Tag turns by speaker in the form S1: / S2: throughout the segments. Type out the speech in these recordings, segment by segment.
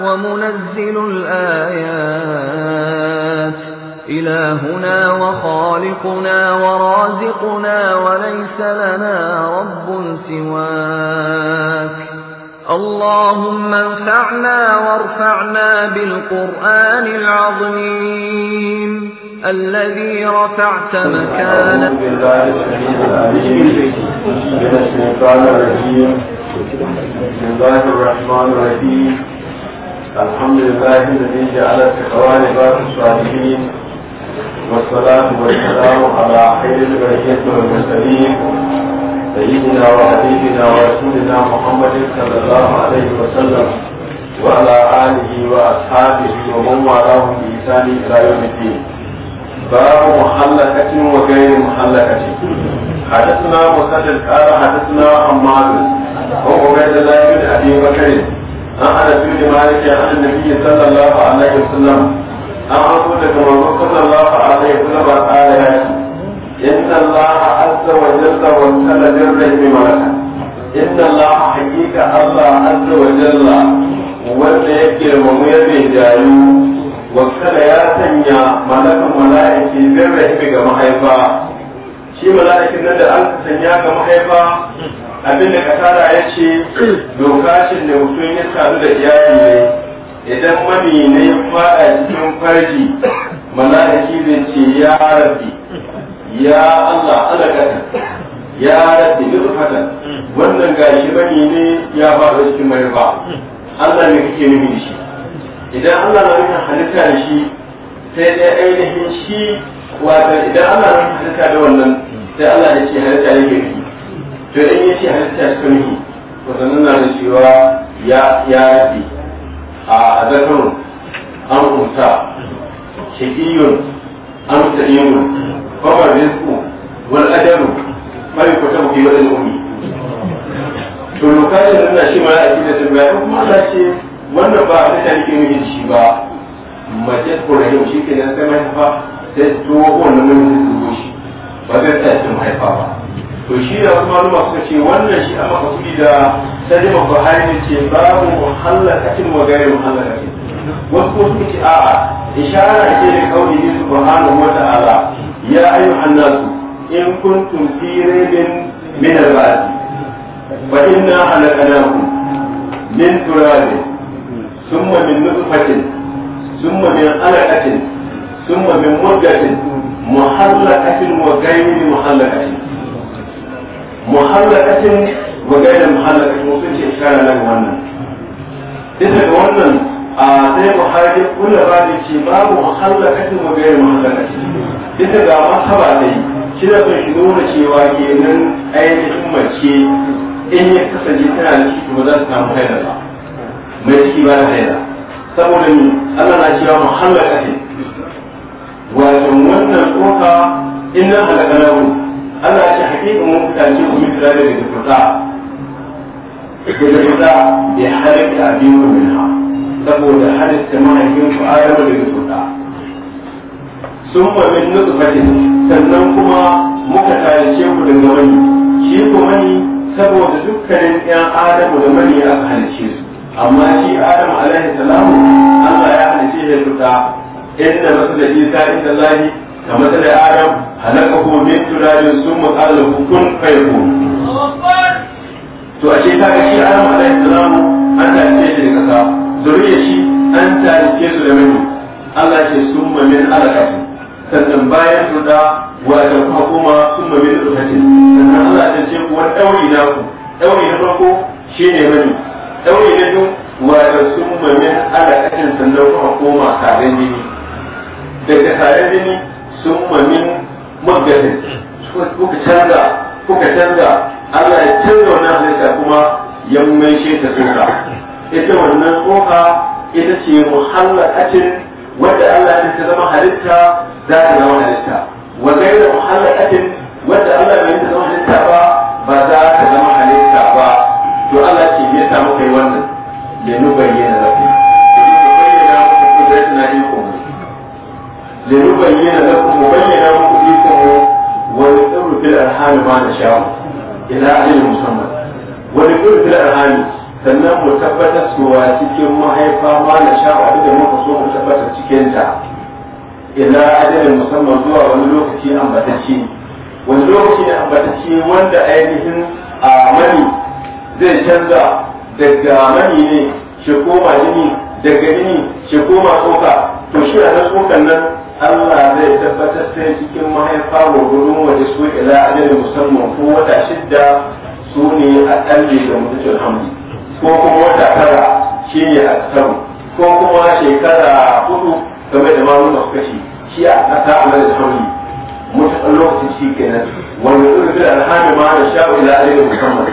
S1: ومنزل الآيات إلهنا وخالقنا ورازقنا وليس لنا رب سواك اللهم انفعنا وارفعنا بالقرآن العظيم الذي رفعت مكانا
S2: بسم الله الرحمن الرحيم الحمد لله الذي جعل التقوى لباس الصالحين والصلاة والسلام على خير البرية والمرسلين سيدنا وحبيبنا ورسولنا محمد صلى الله عليه وسلم وعلى آله وأصحابه ومن والاهم بإحسان إلى يوم الدين باب محلقة وغير محلقة حدثنا مسدد قال حدثنا حماد وعبيد الله بن أبي بكر an ana biyu da maliki an annabi sallallahu alaihi wasallam an hako daga manzo sallallahu alaihi wasallam ala ya ce inna allah azza wa jalla wa ta'ala birri malaka inna allah hakika allah azza wa jalla wanda yake mamu ya bai jayu kala ya sanya malakan mala'iki birri ga mahaifa shi mala'ikin nan da an sanya ga mahaifa abin da kasara ya ce lokacin da mutum ya sadu da iyali ne idan mani ne ya fada cikin farji mala'iki zai ce ya rabbi ya Allah alakata ya rabbi nufatan wannan gashi mani ne ya fada cikin mahaifa Allah ne kake nufi shi idan Allah na nufin halitta da shi sai dai ainihin shi wata idan Allah na nufin halitta da wannan sai Allah ya ce halitta ya ke nufi to in ya ce halitta suka nufi to da na da cewa ya ya rabi a zakarun an kunta shaqiyun an sa'iyun famar rizqu wal adaru mai kwata mu kiwa da ummi to lokacin da shi ma ya ce da tambaya kuma Allah ce wannan ba a ne ke nufi shi ba mace ko rahim shi kenan sai mai fa sai to wannan mun yi shi ba zai tsaya cikin mahaifa ba to shi da wasu maluma suka ce wannan shi an maka kuɗi da salima buhari ne ce babu muhallakatin wa gare muhallakatin wasu kuma suka ce a'a ishara ce da kauli ne subhanahu wa ta'ala ya ayyuhan nasu in kuntum fi raibin min al-ba'd fa inna halakanakum min turabin muhallakatin wa gairi muhallakatin muhallakatin wa gairi muhallakatin wasu ce shara daga wannan ita ga wannan a sai ku buhari kula ba da ce babu muhallakatin wa gairi muhallakatin ita ga masaba dai shi da sun nuna cewa kenan ainihin mace in ya kasance tana da ciki ba za su samu haila ba mai ciki ba da haila saboda ni Allah na cewa muhallakatin wato rabbuka inna khalaqnahu Allah mun ku bi minha saboda mahaifin ku ayar da sun wa min sannan kuma muka tarice ku daga wani shi ku mani saboda dukkanin yan adamu da mani aka halice su amma shi adam alaihi salamu Allah ya halice ya fita inda masu da isa inda lahi kamar da adam ko min turajin sun qala kun fayakun to ashe ta ga shi adam alaihi salam an ce shi da kasa zuriya shi an ce su da mutum Allah ce sun ma min alaqati sannan bayan su da wata kuma kuma ma min alaqati sannan Allah ya ce kuwa dauri na ku dauri na farko shine mutum dauri na biyu wata ma min alaqatin sannan kuma koma tare jini daga tare jini sun mamin mabdalin kuka canza kuka canza Allah ya canza wannan halitta kuma ya maishe ta tsoka ita wannan tsoka ita ce muhallakacin wadda Allah ya ta zama halitta za ta zama halitta wa gaira muhallakacin wadda Allah bai ta zama halitta ba ba za ta zama halitta ba to Allah ce ya samu kai wannan ya nubayyana lafiya. Bayyana muku kudurtuna ikon لنبين لكم مبين لكم فيكم ونقر في الأرحام ما نشاء إلى أهل المسمى ونقر في الأرحام sannan mu tabbatar cewa cikin mahaifa ma na sha abin da muka so mu tabbatar cikinta. Ina ila musamman zuwa wani lokaci ambatacce wani lokaci ne ambatacce wanda ainihin a mani zai canza daga mani ne shi koma jini daga jini shi koma tsoka to shi a nan tsokan nan Allah zai tabbatar sai cikin mahaifa wa gurin waje su ila ajali musamman ko wata shidda su ne a kalli da mutuncin hamdi ko kuma wata tara shi ne a tsaro ko kuma shekara hudu game da mamun da suka ci shi a kasa a mai da hamdi mutuncin lokacin shi kenan wanda su rufe alhamdi ma da sha'u ila ajali musamman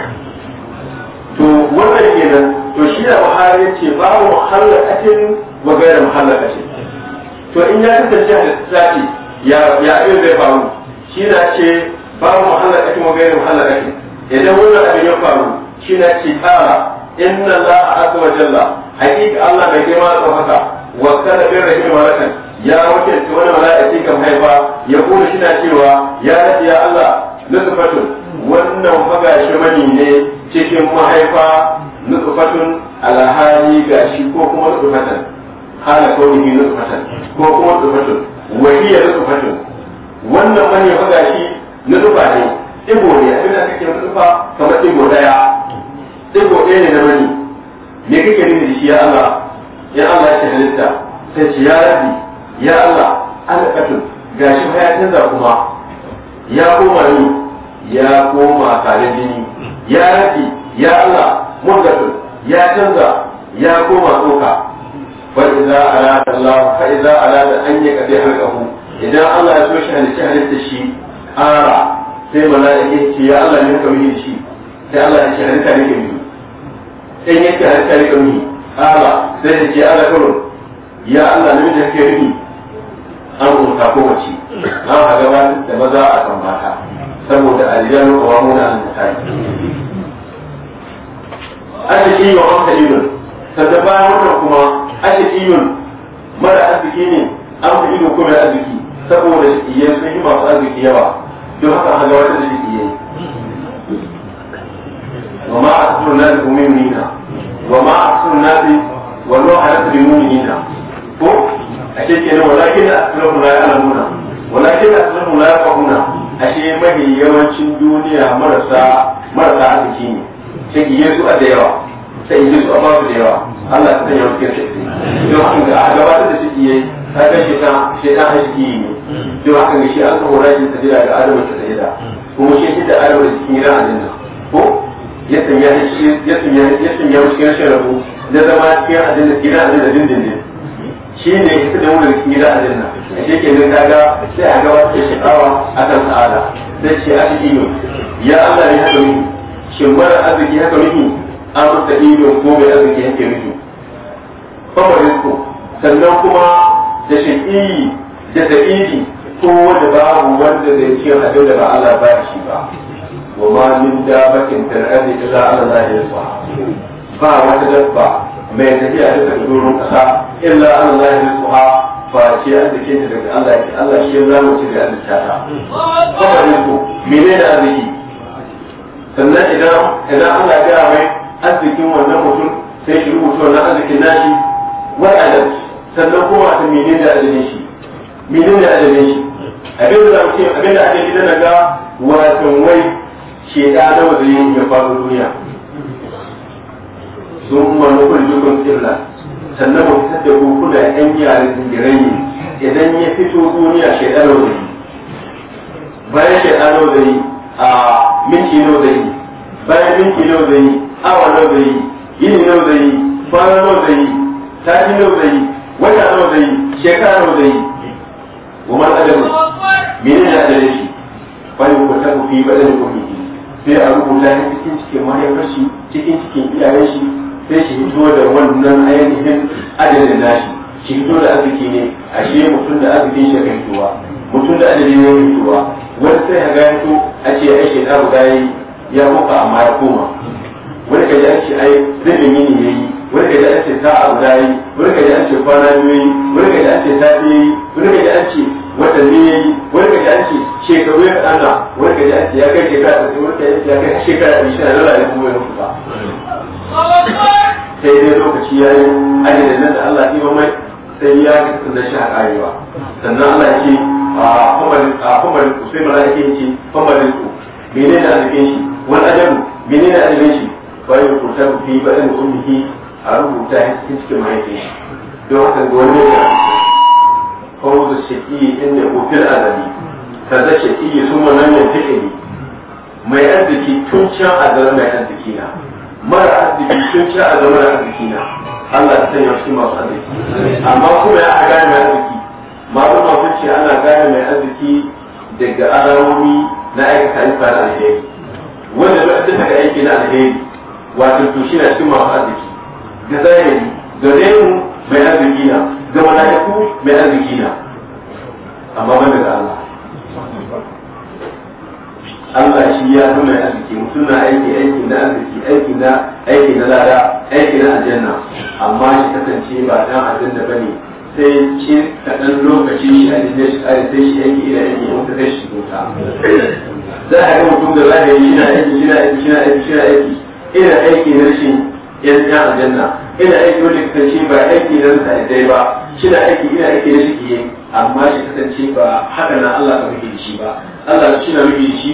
S2: to wannan kenan to shi da buhari ce babu muhallakatin wa gairar muhallakatin to in ya kasance halitta zafi ya ya abin zai faru shi na ce babu muhallar ake mu muhallar ake idan wannan abin ya faru shi na ce tsara inna za a aka wa jalla hakika Allah mai girma da wasu wa kana bin rahim rakan ya wuce ta wani mala'iki kan haifa ya kuma shi na cewa ya rafi ya Allah nutfatun wannan shi mani ne cikin mahaifa nutfatun alhali gashi ko kuma nutfatan hala kaunihi nutfatan ko kuma nutfatun wa hiya nutfatun wannan wani ya buga shi nutfa ne ibo ne abinda kake nutfa kamar ibo daya ibo ɗaya ne na mani me kake nuna da shi ya Allah ya Allah ya halitta sai ce ya rabi ya Allah alqatun gashi fa ya canza kuma ya koma ni ya koma tare jini ya rabi ya Allah murgatun ya canza ya koma tsoka فإذا أراد الله فإذا أراد أن يقضي حقه إذا الله يسوش أن يشهد shi ara sai mala'ike ce ya Allah ne ka mihi shi sai Allah ya ce halitta ne ka in ya ce halitta ne ka ara sai ya ce ala karo ya Allah ne da ke mihi an umta ko wace an hagaba da maza a kan mata saboda alijan kawamu na an tsari an shi wa wata ilmin sannan bayan wannan kuma ashaqiyun mara arziki ne an fi ido kuma arziki saboda shaƙiyai sun yi masu arziki yawa don haka an ga wata da shaƙiyai wa ma a tsoron na da mu'minina wa ma a tsoron na da wa lo a yasri mu'minina ko a ce wala walakin a tsoron na ya alamuna walakin a tsoron na ya fahuna ashe mafi yawancin duniya marasa marasa arziki ne sai su a da yawa sai yi su a babu da yawa Allah ta sanya cikin shi don haka a gabatar da shi yi ta ga shi ta shi ta haji ne don haka ga shi an tsora shi ta jira ga adamu ta ta jira kuma shi shi da adama da cikin gidan aljanna ko ya sanya shi ya sanya ya sanya cikin rashin rabu da zama cikin aljanna gidan aljanna dindindin shi ne ya fita da mu da cikin gidan a shi ke nan kaga sai a gabatar da shi tsawa a kan sa'ada sai shi a shi ya Allah ne haka mini shin mara arziki haka mini an masa iyo ko mai arziki haka mini fawarinko sannan kuma da shaƙiyi da da'idi ko wanda babu wanda zai ce hajjo da ba Allah ba shi ba wa ma min dabatin tar'ani illa allah ala zahirha ba ba wata dabba mai tafiya da doron kasa illa allah yi zahirha ba ce an da ke daga Allah ke Allah shi ya zamu ce da Allah ta fawarinko da arziki sannan idan idan Allah ya ga mai arzikin wannan mutum sai shi rubuta wannan arzikin nashi wai adalci sannan kuma ta menene da adalci shi menene da adalci shi abin da zamu ce abin da ake ji na ga wasan wai sheda da wazuri ya faru duniya sun kuma nufin dukkan kirla sannan mu fitar da hukuna yan yare zingirai ne idan ya fito duniya sheda da wazuri bayan sheda da wazuri a minti nawa zai bayan minti nawa zai awa nawa zai yini nawa zai kwana nawa zai tashi nawa zai yi wata nawa zai yi shekara nawa zai yi wa man adamu menene ne adalin shi fa yi ku tafi fi badan ku miji sai a rubuta ya cikin cikin mahaifar shi cikin cikin iyayen shi sai shi hito da wannan ainihin adalin nashi shi hito da arziki ne a ashe mutum da arzikin shi ka mutum da adalin ne hitowa wani sai ya gaya to a ce ai shekara guda ya yi ya kuka amma ya koma wani kaji a ce ai zai ya yi. wani da an ce ta abu da yi wani da an ce kwana biyu yi wani da an ta biyu yi wani da an ce ne ya yi wani da an ce shekaru ya kaɗan na wani da an ce ya kai shekara ta wani da an ce ya kai shekara ta shi lura da kuma yanku ba. sai dai lokaci ya yi ajiye nan da Allah ya mai sai ya kasance shi a ƙarewa sannan Allah ya ce a famarin ku sai mala'ika ya ce famarin ku menene a cikin shi wani ajabu menene a cikin shi bayan ku tafi bayan ummihi a rubuta ya cikin cikin mahaifin shi don haka ga wani ya fawzu shaƙi inda kofin azali kaza shaƙi su manan yan fiƙiri mai arziki tun can a azal mai arziki na mara arziki tun can a azal mai arziki na Allah ta sanya shi masu arziki amma kuma ya a gane mai arziki malama sun ce ana gane mai arziki daga alamomi na aikata ayyuka na alheri wanda duk da ga aiki na alheri wato to shi na cikin masu arziki na zahiri gare mu mai arziki na ga mala'iku mai arziki na amma ban daga Allah Allah shi ya san mai arziki mutum na aiki aiki na arziki aiki na aiki na lada aiki na aljanna amma shi kasance ba dan aljanna bane sai cin kaɗan lokaci shi a jirgin shi kare sai shi aiki ina aiki ya mutu sai shi mutu za a ga mutum da zahiri shi na aiki shi na aiki shi na aiki shi na ina aiki na rashin yan aljanna ina aiki wanda kasance ba aiki nan mutane dai ba shi na aiki ina aiki na shi amma shi kasance ba haka na Allah ka muke da shi ba Allah shi na muke da shi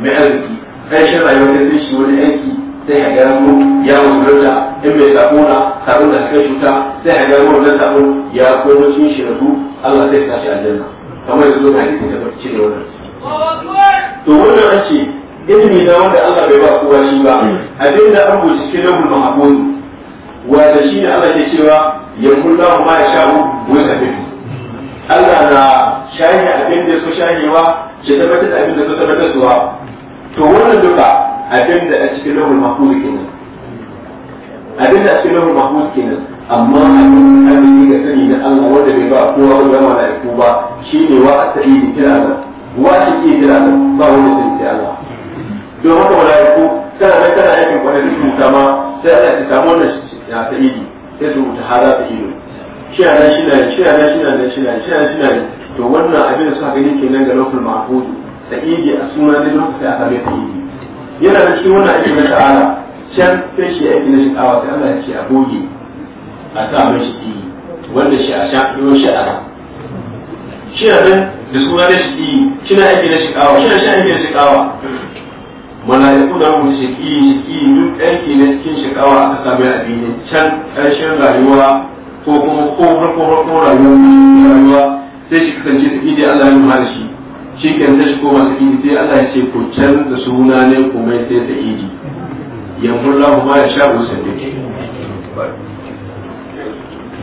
S2: mai arziki kai shi rayuwar da zai shi wani aiki sai ya gara mu ya musulunta in bai sabo na sabon da suka shuta sai ya gara mu wannan sabon ya komo cikin shi rabu Allah sai ka aljanna kamar yanzu da hadisi da barci da wannan to wannan an ce ilimi na wanda Allah bai ba kowa shi ba abinda an buci cikin lahul mahfuz wanda shi ne Allah ke cewa yankun lahu ma ya sha'u wa yasafiru Allah na shahi abin da su shahewa ya tabbatar da abin da su tabbatar suwa to wannan duka abin da a cikin lahul mahfuz kenan abin da a cikin lahul mahfuz kenan amma abin da ga sani na Allah wanda bai ba kowa wanda mala'iku ba shine wa asali kira da wa shi ke kira da ba wanda sai Allah don haka mala'iku kana nan kana aikin kwanan da ma sai Allah ya samu wannan ya ta idi sai su rubuta haza ta ido shi a nan shina ne shi a nan shi a to wannan abin da suka gani kenan ga lokul mahfudu ta idi a suna ne don sai aka bai ta idi yana da cikin wannan aiki na ta'ala can sai shi aiki na shikawa sai Allah ya ce a goge a sa mai shi idi wanda shi a sha yo shi a shi a da suna ne shi idi shi na aiki na shikawa shi na shi aiki na shikawa nuna mu shi ki duk aiki ne cikin shikawa aka sami addini can ƙarshen rayuwa ko kuma ko farko farko rayuwa sai shi kasance ta idi Allah ya nuna shi shi ke da shi koma sai idi sai Allah ya ce ku canza suna ne ku mai sai ta idi yanzu Allah ma ya sha usul da ke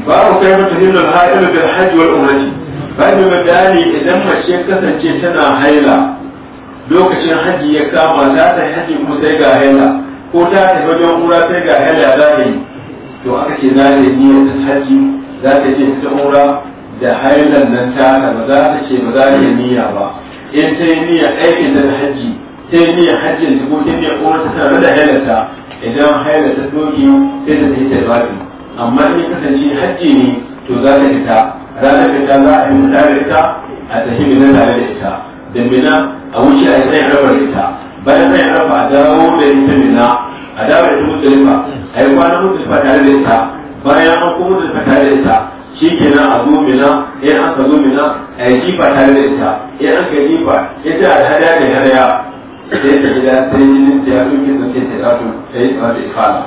S2: ba ku kai mata hillu al-ha'ilu bil hajj wal umrati ba ni madani idan mace kasance tana haila lokacin haji ya kama ta ta haji kuma sai ga hela ko ta ta wajen umra sai ga hela za ta yi to aka ce za ta yi niyyar haji za ta je ta umra da hailan nan ta ba za ta ce ba za ta yi niyya ba in ta yi niyyar aikin da ta haji ta yi niyyar hajjin ta ko ta niyyar umra ta tare da hailata idan ta doki sai ta yi ta tarbati amma in kasance haji ne to za ta fita ranar fita za a yi mutane da ita a tafi minan tare da ita da mina a wuce a yi tsayin raba ita bayan tsayin raba a dawo da ita mina a dawo da ita musulifa a yi kwanan musulifa tare da ita bayan an kuma da tare da ita shi kenan a zo mina in an ka zo a yi jifa tare da ita in an ka jifa ita a hada da hadaya sai ta gida sai jinin ta ya ɗauke da ke ta ɗauke ta yi tsawon da ifala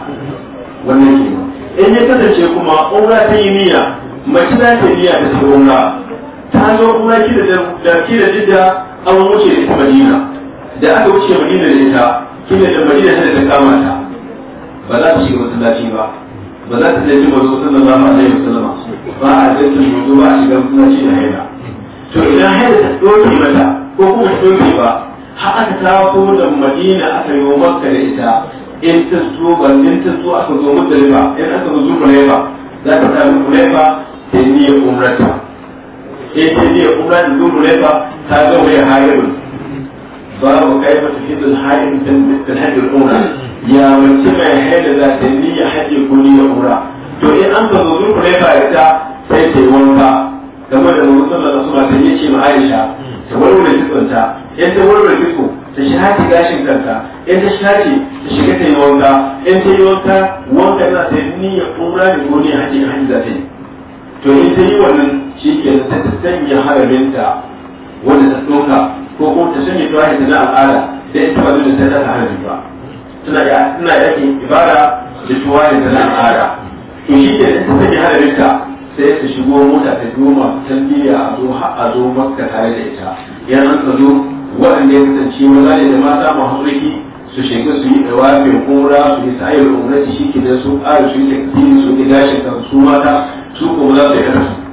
S2: wannan kenan in ya kasance kuma umra ta yi niyya mace za ta niyya ta ce umra ta zo umra ki da ki da jidda an wuce da ita madina da aka wuce madina da ita kina da madina ta da kama ta ba za ta shiga masallaci ba ba za ta tafi mazo sallallahu alaihi wasallama ba a zaki mazo ba a shiga masallaci da haila to idan haila ta doke mata ko kuma ta doke ba har aka taso da madina aka yi makka da ita in ta zo ba in ta zo aka zo ba in aka zo zuwa ba za ta samu kulaiba ta yi niyyar umrata ya ce kuma da ta ga wai harin babu kai ba tafi da harin da ya mace mai haila za ta ni ya kuni ya to in an ka zo dubu laifa ya ta sai ta yi wanka game da da ta yi ma aisha ta warware fitsonta in ta warware fitso ta shafi gashin kanta in ta shafi ta shiga ta yi wanka in ta yi wanka wanka na ta yi ni ya ƙura ne ko ya ta yi to in ta yi wannan shi ke ta sanya haraminta wanda ta tsoka ko kuma ta sanya tuwaye ta na al'ada da ita ba zuwa sai ta ta harami ba tana ya tana ke ibada da tuwaye ta na al'ada to shi ke ta sanya haraminta sai ta shigo mota ta doma tambiya a zo a zo makka tare da ita nan ta zo waɗanda ya kasance maza ne da mata mahauriki su shiga su yi dawafin umra su yi sa'ayar umarci shi ke da su ƙara su yi takfiri su yi gashin kan su mata su kuma za su yi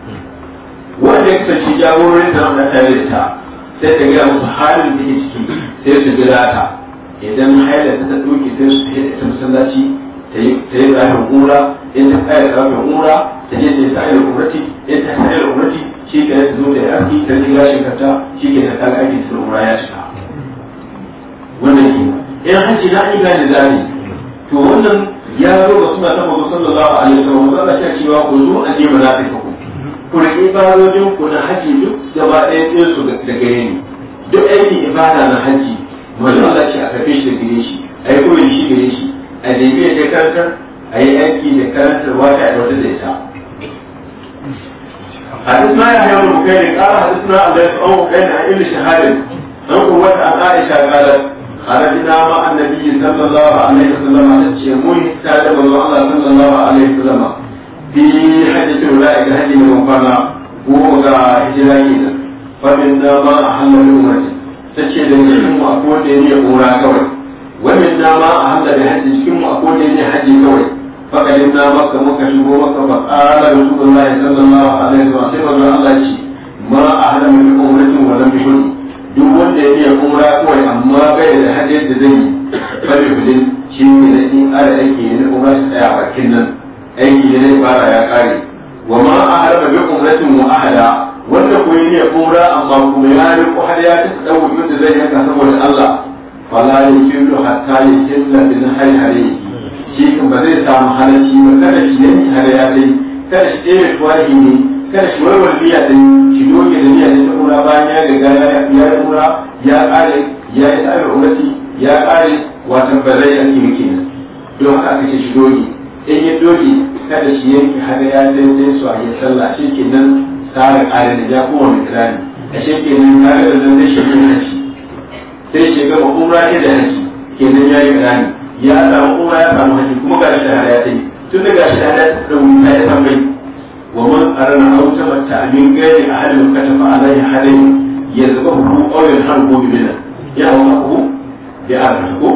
S2: wanda ya kasance jagororin da wanda tare da ta sai ta gaya musu halin da ke ciki sai su bi ta idan haila ta ta doke sai su ta ita masallaci ta yi zafin umra in ta kaya zafin umra ta je ta yi sa'ayar umrati in ta sa'ayar umrati shi ke ta zo da ya aski ta yi gashin kanta shi ke ta kaga aiki sun umra ya shiga wannan ke in hanci na an yi gane to wannan ya zo ga suna ta mazo sallallahu alaihi wasallam wanda ta cewa ku zo a je munafiqun ku ibadojin ku na haji duk gaba ɗaya ɗin su da gare ni duk aikin ibada na haji wani Allah ce a kafe shi da gare shi a yi kuma shi gare shi a jami'a da karantar a yi aiki da karantarwa ta aiwatar da ita حدثنا يحيى من بكير قال حدثنا عبد الله بن بكير عائل ابن شهاب عن قوة عن عائشة قالت خرجنا مع النبي صلى الله عليه وسلم على الشيمون كتاب الله صلى الله عليه وسلم fi hadisin ra'ayi da hadin mai kwana goma ga hijira ne fadin dama a hannun umarci ta ce da cikin mu a kodin ne umra kawai wannan dama a hannun da hajji cikin mu a kodin ne hajji kawai fakalin na maka muka shigo maka ba ƙara da su Allah ya sallallahu alaihi wa sai wannan Allah ci ma a hannun mai umarci wannan bishon duk wanda ya biya umra kawai amma bai da hajji da zai yi fadin shi ne na in ara yake ne umra shi tsaya bakin nan aiki da zai fara ya kare wa ma a aharba bi umratin mu'ahada wanda ko yi ne umra amma kuma ya riko har ya ci dawo da zai yanka saboda Allah fala yakilu hatta yakilla bin hayhari shi kan ba zai samu halaki ba kada shi yanki har ya dai kada shi ɗaya tuwahi ne kada shi warwar biya dai shi doge da biya ta kura bayan ya ga riga ya kura ya kare ya yi tsari umrati ya kare watan ba zai yanki muke don haka ka ce shi doge in yi doki kada shi yanki haɗe ya sai sai su a yi sallah shi ke nan tsarin da ya wani kirani a shi ke nan tare da shi zai yin haji sai shi shekaru umra ne da haji ke nan ya yi kirani ya samu umra ya samu haji kuma ga shi da hada ya sai tun da ga shi da hada da wuri ta yi tambayi wa man arana auta mata min gari a hadin katafa alai hadin ya zaba hu qawlan har gobe bina ya hawa ku bi arana ko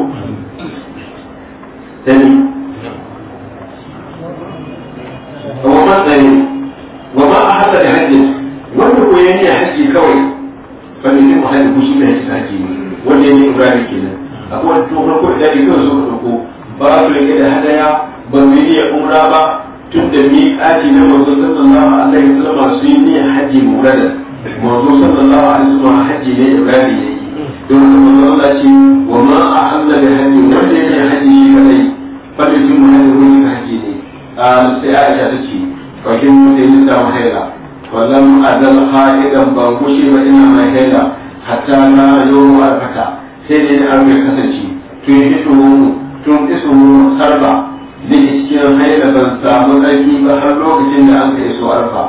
S2: wa ma tsari wa ma a hasa da hajji wanda ko ya niyya hajji kawai fa ne mu hajji ko shi ne hajji hajji ne wanda ya niyya ibrahim kenan akwai wani tun ko da dadi kawai suka ko ba su rike da hadaya ba mu niyya umra ba tun da miƙati na manzo sallallahu alaihi wasallam su yi niyya hajji murada manzo sallallahu alaihi wasallam hajji ne ibrahim ne don kuma Allah ce wa ma a hamla da hajji wanda ya hajji kadai fa da jin mu hajji ne a sai a ta hela wallan adal ha'idan ban gushe ba ina mai hela hatta na yo alfata sai dai an mai kasance tun isu tun isu sarba da cikin haila ban samu tsarki ba har lokacin da an kai su arfa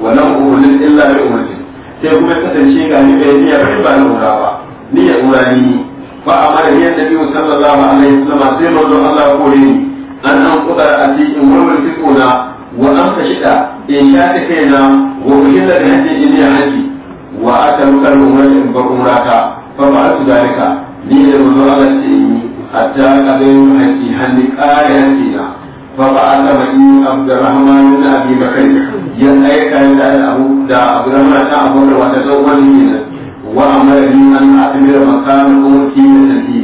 S2: wannan umarnin illa da umarnin sai kuma kasance ga ni bai niyya bai ba na ura ba niyya ura ni ba amma da niyyar nabi sallallahu alaihi wasallam sai manzon Allah kore ni an an kudar a cikin wani fiƙo na wa an ka shida in shafi kaina wa uhilla da hajji in ya haji wa aka ruka umra in bar umra ta fa ba su dalika ni da manzo Allah ce yi hatta kadan haji hanni qara haji na fa ba aka mai Abdurrahman bin Abi Bakr ya aika da Abu da Abdurrahman ta Abu da wata tsohon ne wa amara ni an atamira makamin umki da tafi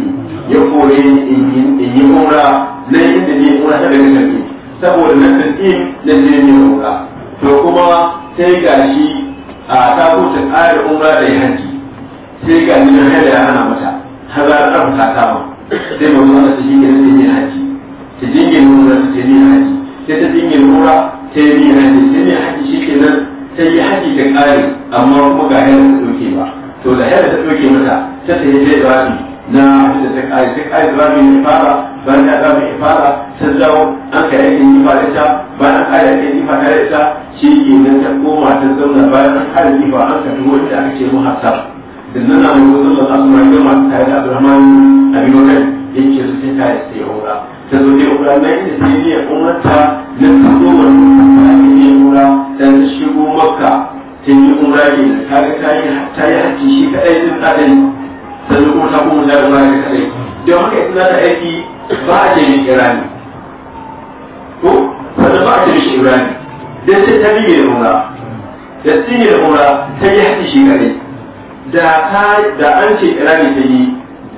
S2: ya kore in yi umra nan inda ne umra ta daga tafi saboda na tan'in na jirgin ruka to kuma sai ga shi a takutin ayar umra da ya hanji sai ga na ya hana mata har za ɗan ta kama sai mutum wanda ta jingina ta haji ta jirgin umra ta yi haji sai ta jirgin umra ta yi haji sai yi haji shi ke nan ta yi haji ta ƙari amma kuma ga haila ta ɗauke ba to da haila ta ɗauke mata ta ta yi na da ta ƙari ta ƙari ta ne fara bayan ya zama ifada ta zawo an ka yake nifa da ita bayan an kare yake nifa da ita shi ke nan ta koma ta zauna bayan an kare nifa an ka tuwo da aka ce muhassab da nan na yi wasu da asu mai gama tare da abdurrahman abin wakai yake su sai ta yi sai yaura ta zo da yaura na inda sai ne ta na ta goma da ake ne yaura ta shigo makka ta yi umra ne ta ga ta yi hakki shi kaɗai din kaɗai sannan kuma ta kuma da umra ne kaɗai don haka ita za ta aiki ba da yin irani ko wanda ba da shi irani da sai ta biye umra da sinye umra ta yi haɗi shi kare da ta da an ce irani ta yi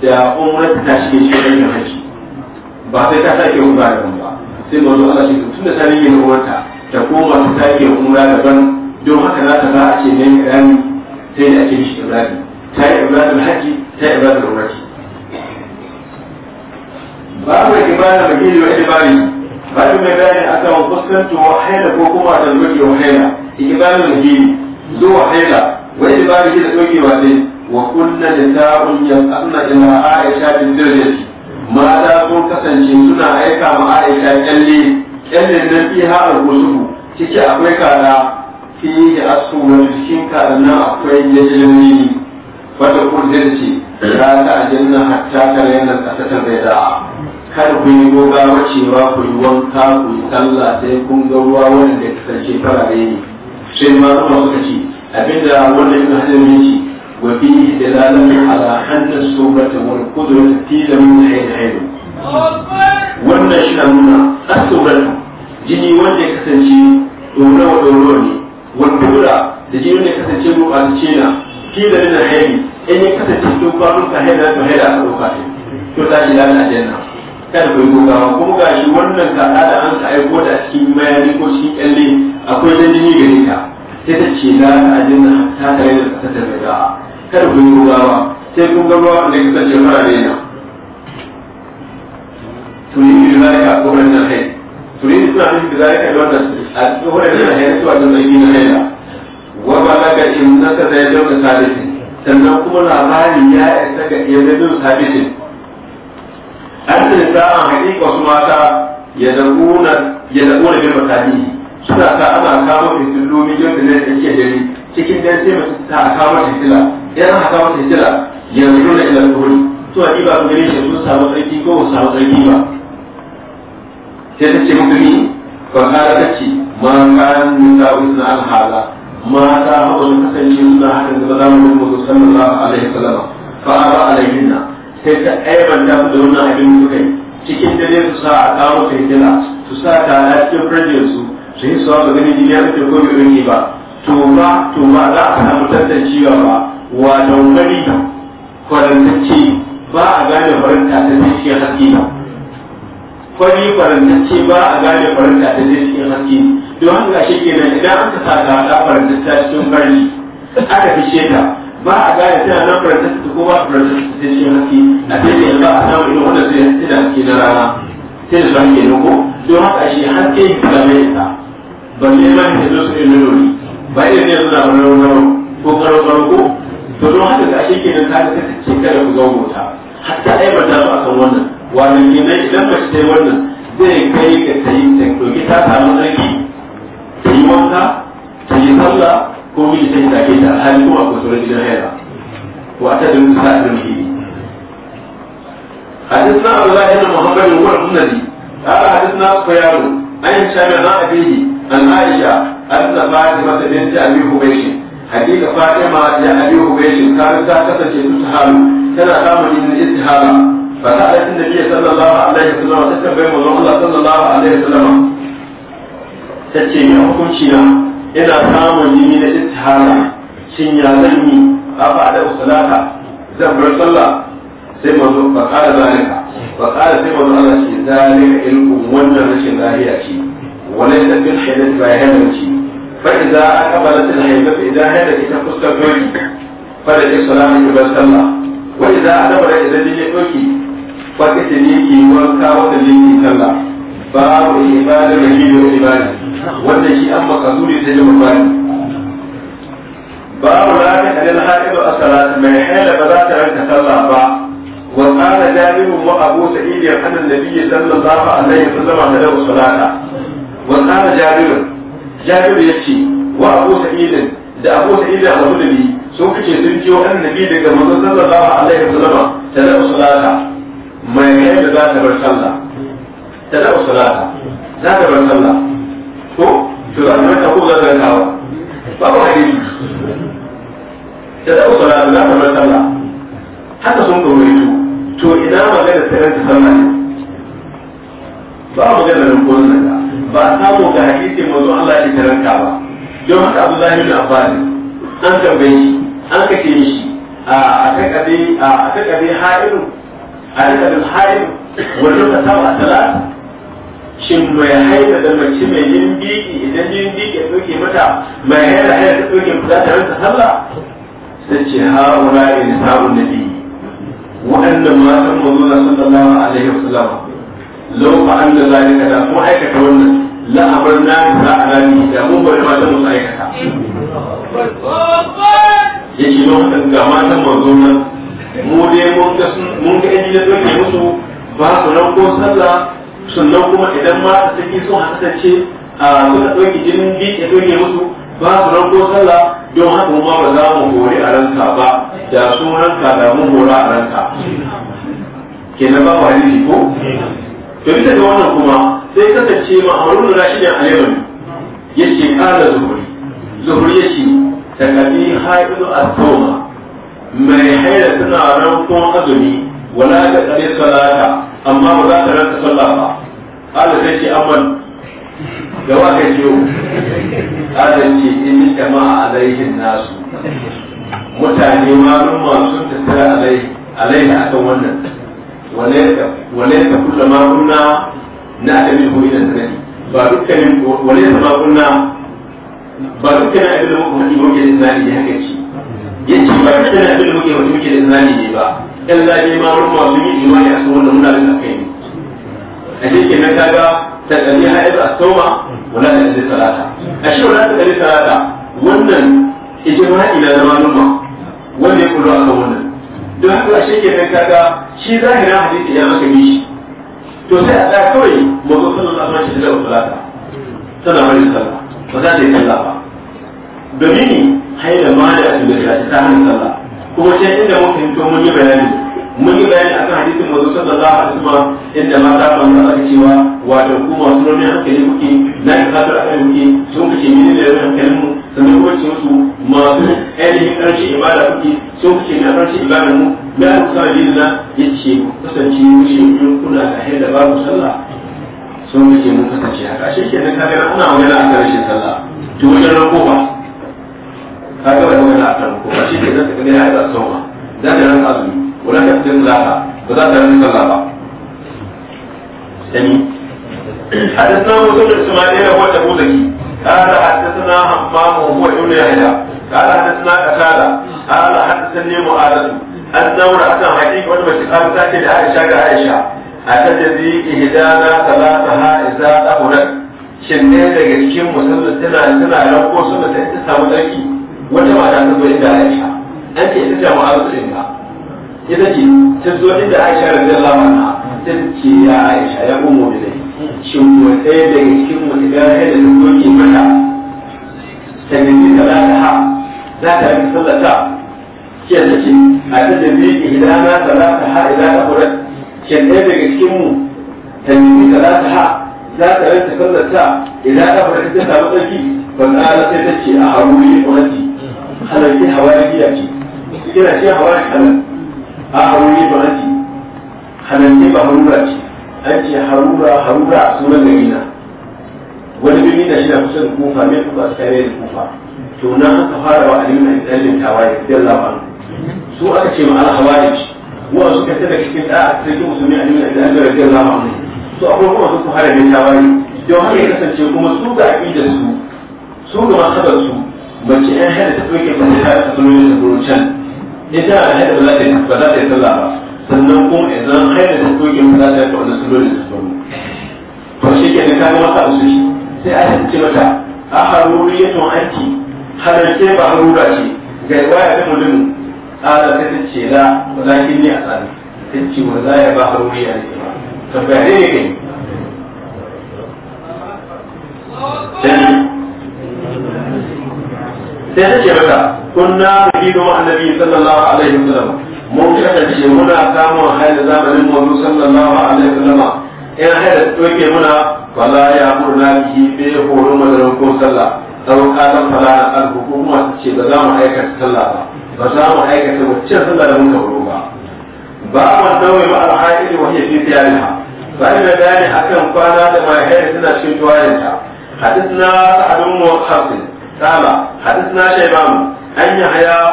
S2: da umar ta tashi ne shi ne haji ba sai ta sake umra da ba sai mazo Allah shi tun da ta yi umrarta ta koma ta sake umra daban don haka za ta ba a ce ne irani sai da ake shi irani ta yi ibadul haji ta yi ibadul umrati babu da kibana da gini wa ibari ba tun mai bayani a kan fuskantu wa haila ko kuma ta zuki wahala. haila ikibana da gini zuwa haila wa ibari da zuki wa sai wa kunna nisa'un yas'alna ila aisha bin dirjati mata sun kasance suna aika ma aisha kyalle kyalle na fiha al-kusufu ciki akwai kara fihi asuna cikin karan nan akwai yajilmi wata kurdirci ya ta aljanna hatta kare nan kasatan bai da'a Kar ku yi gogawar cewa ku yi wanka ku yi sallah sai kun ga ruwa wannan da kasance farare ne sai ma kuma suka ce abinda wannan ibn hajar ya ce wa fi dalalun ala anna surata wal qudrata tila min hayr hayr wannan shi na nuna asurata jini wanda ya kasance dole wa dole ne wanda qudra da jini wanda ya kasance gurbatacce na tila min hayr in ya kasance duk ba mun ka hayr da hayr a ɗauka to ta ila aljanna kada ku yi ba kuma ga shi wannan kaza da an ka aiko ta cikin bayani ko cikin kyalle akwai ta jini gare ka sai ta ce za ta ajin ta tare da ta tafi da kada ku yi gaggawa sai kun ga ruwa da kuka ce fara daina turin yi zalika ko wannan hai turin suna nufin da ka da wannan a tsohon da hai su cikin zargi na da wa ba laga in nasa da ya dauka sabitin sannan kuma labarin ya isa ga ya dauka sabitin an ne sa'an hakika wasu mata ya daguna ya daguna bin matani suna ka ana kama fitilu miliyon da ne da ke dare cikin dan sai mutum ta kama fitila idan aka kama fitila ya daguna ila duhuri to a diba su gare shi sun samu tsarki ko ba samu tsarki ba sai ta ce mutumi ba kara ta ce ma kayan nuna wani alhala mata haɓa su kasance suna hakan da ba za mu rubuta sallallahu alaihi wasallam fa'a ba alaihinna sai ta aibanta su da wannan abin da cikin dare su sa a kawo su su sa tara cikin farjin su su yi suwa su gani jini ya fice ko bai rinke ba to ba to ba za a samu tantancewa ba wa daukari kwarantacce ba a gane faranta ta zai cikin haske ba kwari kwarantacce ba a gane faranta ta zai cikin haske don haka shi kenan idan aka sa ta ta cikin farji aka fi ta ba a gane tana nan protest ko ba protest ta ce haske a cikin yanzu a samu irin wanda sai yanzu da haske na rana sai da su haske ne ko don haka shi haske ga mai isa ba ne ma ne zo su irin nori ba irin ne suna wani raunaro ko karo karo ko to don haka ga shi kenan ka ta ce kada ku ga wuta hatta ai ba ta ba san wannan wannan kenan idan ba shi sai wannan zai kai ka ta yi ta doki ta samu tsarki ta yi wanka ta yi sallah ko min sai da ke ta hali ko ko sura ji da hera wa ta da musa da mi hadithna Allah ibn Muhammad ibn Umar ibn Ali ala hadithna qayalu ay shama na abihi an Aisha anna Fatima binti Abi Hubaysh hadith Fatima ya Abi Hubaysh ta ta kace ta tahalu tana kama din istihara fa sa'alat an-nabiy sallallahu alaihi wasallam ta tabbayma Allah sallallahu alaihi wasallam tace me hukunci na yana samun jini na istihala shin ya zan yi afa da usulata zan bar sallah sai manzo fa qala zalika fa qala sai manzo Allah shi zalika ilkun wannan rashin lafiya ce walai da bil hidat ba haimanci fa idza aqbalat al haidat idza haidat ta fuskar doki fa da salatu ki bar sallah wa idza adabara idan jini doki fa kace ne ki wanka wata da jini sallah babu ibada da da ibada wannan shi an maka makasuri ta yi mafani babu rami alil ha'ilu a salatu mai haila ba za ta ranka sallah ba wa qala jabirun wa abu sa'id ya kana nabiyyi sallallahu alaihi wasallam da lahu salata wa qala jabirun ya ce wa abu sa'id da abu sa'id da abu sun kace sun ji wa annabi daga manzon sallallahu alaihi wasallam da lahu salata mai haila za ta bar sallah ta lahu salata za ta bar sallah ko to za ka ko za ka nawa ba ba hadisi da da usara da na fara sallah haka sun gaurito to ina magana ta ranta sallah ba mu magana da ko nan ba samu ga hadisi manzo Allah ya karanta ba don haka Abu Zahir bin Abbas an tambaye shi an kace mishi a takadi a takadi ha'ilu a takadi ha'ilu wannan ta a talata shin mai haila da mace mai yin biki idan yin biki ya tsoke mata mai haila ya ta tsoke mata ta rasa sallah sai ce ha wala ne sabon nabi waɗannan matan mazo na sallallahu alaihi wasallam lau fa an da zalika da kuma aikata wannan la'amar na sa alami da mun bari matan musu aikata ya ce lokacin ga matan mazo nan mu dai mun ga mun ga yan jiya tsoke musu ba su nan ko sallah sannan kuma idan ma da take so a ce a wata ɗauki jinin bi ya ɗauke musu ba su ranko sallah don haka ma ba za mu hori a ranka ba da su ranka da mun hora a ranka kenan ba wani ko to bisa ga wannan kuma sai kasance ma'amarun rashidin aliman ya ce kala zuhuri zuhuri ya ce ta kabi haidu al-tawma mai haila tana rankon azumi wala da kare salata amma ba za ta rasa sallah ba ala sai ce amman da wa ka ciwo ala ce in jama'a alaihin nasu mutane ma nun masu tattara alaihi alaihi akan wannan walaita ta kulla ma kunna na adamin hu ila sanadi ba dukkanin walaita ma kunna ba dukkanin abin da muka faɗi muke da sanadi ya haka ci yace ba dukkanin abin da muke faɗi muke da sanadi ne ba dan zaje ma ruwa mun yi imani a cikin wannan muna da kai a cikin nan kaga ta kani ha ibra soma wala da zai salata a shi wala da zai salata wannan ijma'i na zaman ruwa wanda ya kullu akan wannan don haka a ke nan kaga shi zahirin hadisi ya aka bi shi to sai a tsaya kawai mazo sallallahu da wasallam shi da salata tana wani sallah ba za ta yi sallah ba domin haila ma da su da ta hana sallah kuma can inda mun fahimto mun yi bayani mun yi bayani akan hadisin manzo sallallahu alaihi wasallam inda mata ban da cewa wato ku masu rauni hankali kuke na ka tsara akan kuke sun kace mini da rauni hankalin mu sannan kuma ce su masu ainihin karshe ibada kuke sun kace mini karshe ibada mu da ku sa lillah yace kasance mu shi kula da hayar ba babu sallah sun kace mun kasance haka shi kenan kaga ana magana akan rashin sallah to wajen ba. ka ga wani wani asar ko ba shi ke zan ta ne ya yi za su za ta ran azumi wani ta fitin zaka ba za ta ran sallah ba sani حدثنا موسى اسماعيل هو ابو قال حدثنا حمام وهو ابن يحيى قال حدثنا قتاده قال حدثني معاذ an zaura akan haƙiƙa wani mace kan ta ce da Aisha ga Aisha a ta da zai ihdana salataha idza shin ne daga cikin musulmi tana tana ranko suna ta samu tsarki wata mata ta zo inda Aisha an ce ita ce Mu'azu din ka ita ce ta zo inda Aisha radiyallahu anha ta ce ya Aisha ya ummu bi dai shin sai daga cikin mu da ya da doki mata ta nemi talata ha za ta yi sallata ke ta ce a ta da bi ihdana talata ha idan ta kura shin da daga cikin mu ta nemi talata ha za ta yi sallata idan ta kura ta samu tsaki fa ta sai ta ce a haruri ƙoranci halar ne hawa giya ce kira ce hawa halar a haruri ba hanci halar ne ba harura ce an ce harura harura a sunan gari na wani birni na shi na kusa da kufa mai kuka su kare da kufa to na ka fara wa alimin na italin tawaye da labaru. su aka ce ma alhawari wa su ka tada cikin da'a sai musulmi alimin na italin da lafa su abubuwan kuma su fara da tawaye don haka ya kasance kuma su ga aƙidar su su ga masabar su mace yan haɗa ta ɗauke ba ta ta tsoron ta buru can ita a haɗa ba za ta ba za ta yi sallah ba sannan kuma idan haɗa ta ɗauke ba za ta yi ƙaunar tsoron ta buru to shi ke da kayan wata su shi sai a ce mata a haruriyatun anti halarce ba harura ce ga waya ta mulimu ala ta ta ce la walakin ni a tsari ta ce wa za ya ba haruriya ne ba tabbaya ne ne sai ta ce mata kunna nabiyu don annabi sallallahu alaihi wasallam mun kasance muna kama haila zamanin mu sallallahu alaihi wasallam in haila toke muna wala ya murna bihi bi horon madaran ko sallah sau kalan fala na alhukuma ce ba za mu aikata sallah ba ba za mu aikata wacce sallah da muka horo ba ba ma dawai ma alhaili wa hiya fi tiyariha ba ina bayani akan kwana da mai haila suna cikin tuwayenta hadisna sa'adun wa hafiz قال حدثنا شيبان أن يحيى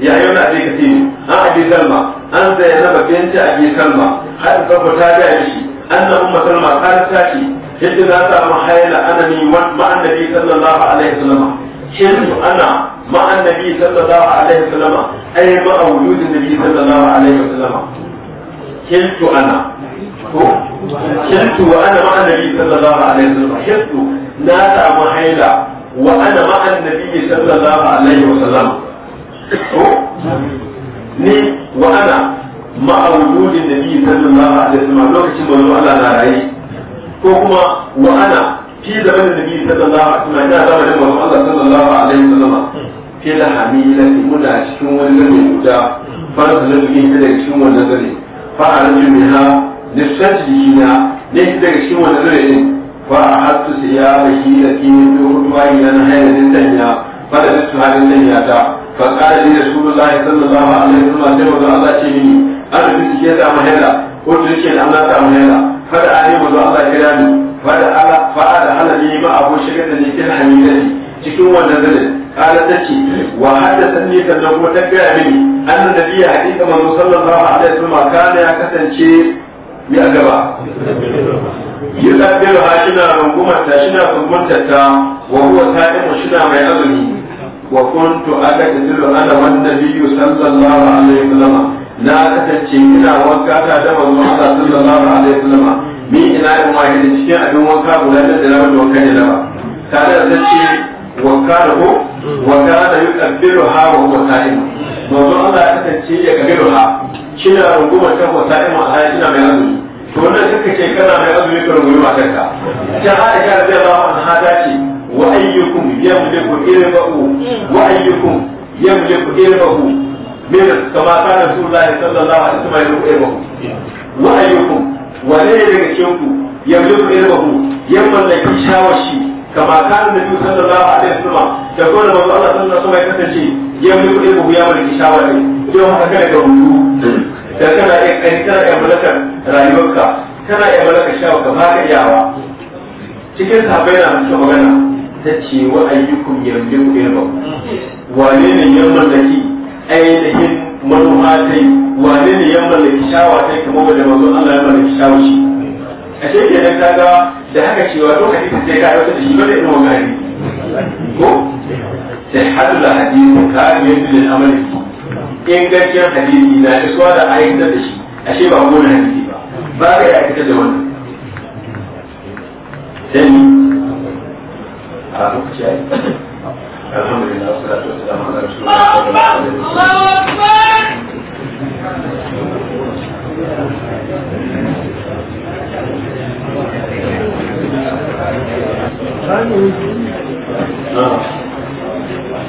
S2: يحيى بن أبي كثير عن أبي سلمى عن زينب بنت أبي سلمى حدث قتادة به أن أم سلمى قالت تاتي جد لا تعلم حيل أنني مع النبي صلى الله عليه وسلم حلم أنا مع النبي صلى الله عليه وسلم أي مع وجود النبي صلى الله عليه وسلم حلت أنا حلت وأنا مع النبي صلى الله عليه وسلم حلت لا تعلم حيل wa ana ma annabi sallallahu alaihi wa sallam to ni wa ana ma awjudin nabi sallallahu alaihi wa sallam lokacin manzo Allah na rayi ko kuma wa ana fi zaman nabi sallallahu alaihi wasallam ina zamanin manzo Allah sallallahu alaihi wasallam fi da hamila muna cikin wani gari guda fara da yin daga cikin wannan gari fa'alu minha nisfati na ne daga cikin wannan gari وأخذت ثيابه التي من خطبة إلى نهاية الدنيا فلبست هذه الدنيا فقال لي رسول الله صلى الله عليه وسلم سيما الله شيئني أنا كنت كيدا مهلا قلت لك أنا تعمهلا فدعا لي مزوى الله كلامي فدعا فأدعا لي ما أبو شكتني في الحميدة cikin wannan zanin kala ta ce wa haddasa ne sannan kuma ta gaya mini annan da biya hakika manzo sallallahu alaihi wasallam kana ya kasance ya gaba yusabbiruha shina rungumarta shina rungumarta wa huwa sa'imun shina mai azumi wa kuntu aka tadilu ana wan nabiyyu sallallahu alaihi wasallam na kasance ina wanka ta da manzon Allah sallallahu alaihi min ina da wahid cikin abin wanka guda da da wanka ne ba kada da ce wanka da ko wanka da yukabbiruha wa huwa sa'imun manzon Allah ya wa a hayya mai azumi wannan suka ce kana da azumi ka rubuta matarka ta Aisha radiyallahu anha ta ce wa ayyukum yamliku irbahu wa ayyukum yamliku irbahu min kama kana Rasulullah sallallahu alaihi wasallam yamliku irbahu wa ayyukum wa ne daga cikin ku yamliku irbahu yamman da ki shawashi kama kana Nabi sallallahu alaihi wa wasallam da kuma manzo Allah sallallahu alaihi wasallam ya kasance yamliku irbahu ya mallaki shawari don haka kada ka rubuta da kana iya kai kana iya mallakar rayuwarka kana iya mallakar shawarka ba ka iyawa cikin sahabbai na mutum magana ta ce wa ayyukum ya ba. wane ne ya mallaki ainihin manuhatai wane ne ya mallaki shawatai kamar wanda manzon Allah ya mallaki shawashi a ce kenan kaga da haka cewa lokaci sai ka aiwatar da shi ba da irin wani ko sai hadula hadisin ka yi yadda da amalin ingancin hadisi na isuwa da aikatar da shi ashe ba gona hadisi ba ba ga ya aikatar da wannan sai a lokaci ya alhamdulillah sallallahu
S1: alaihi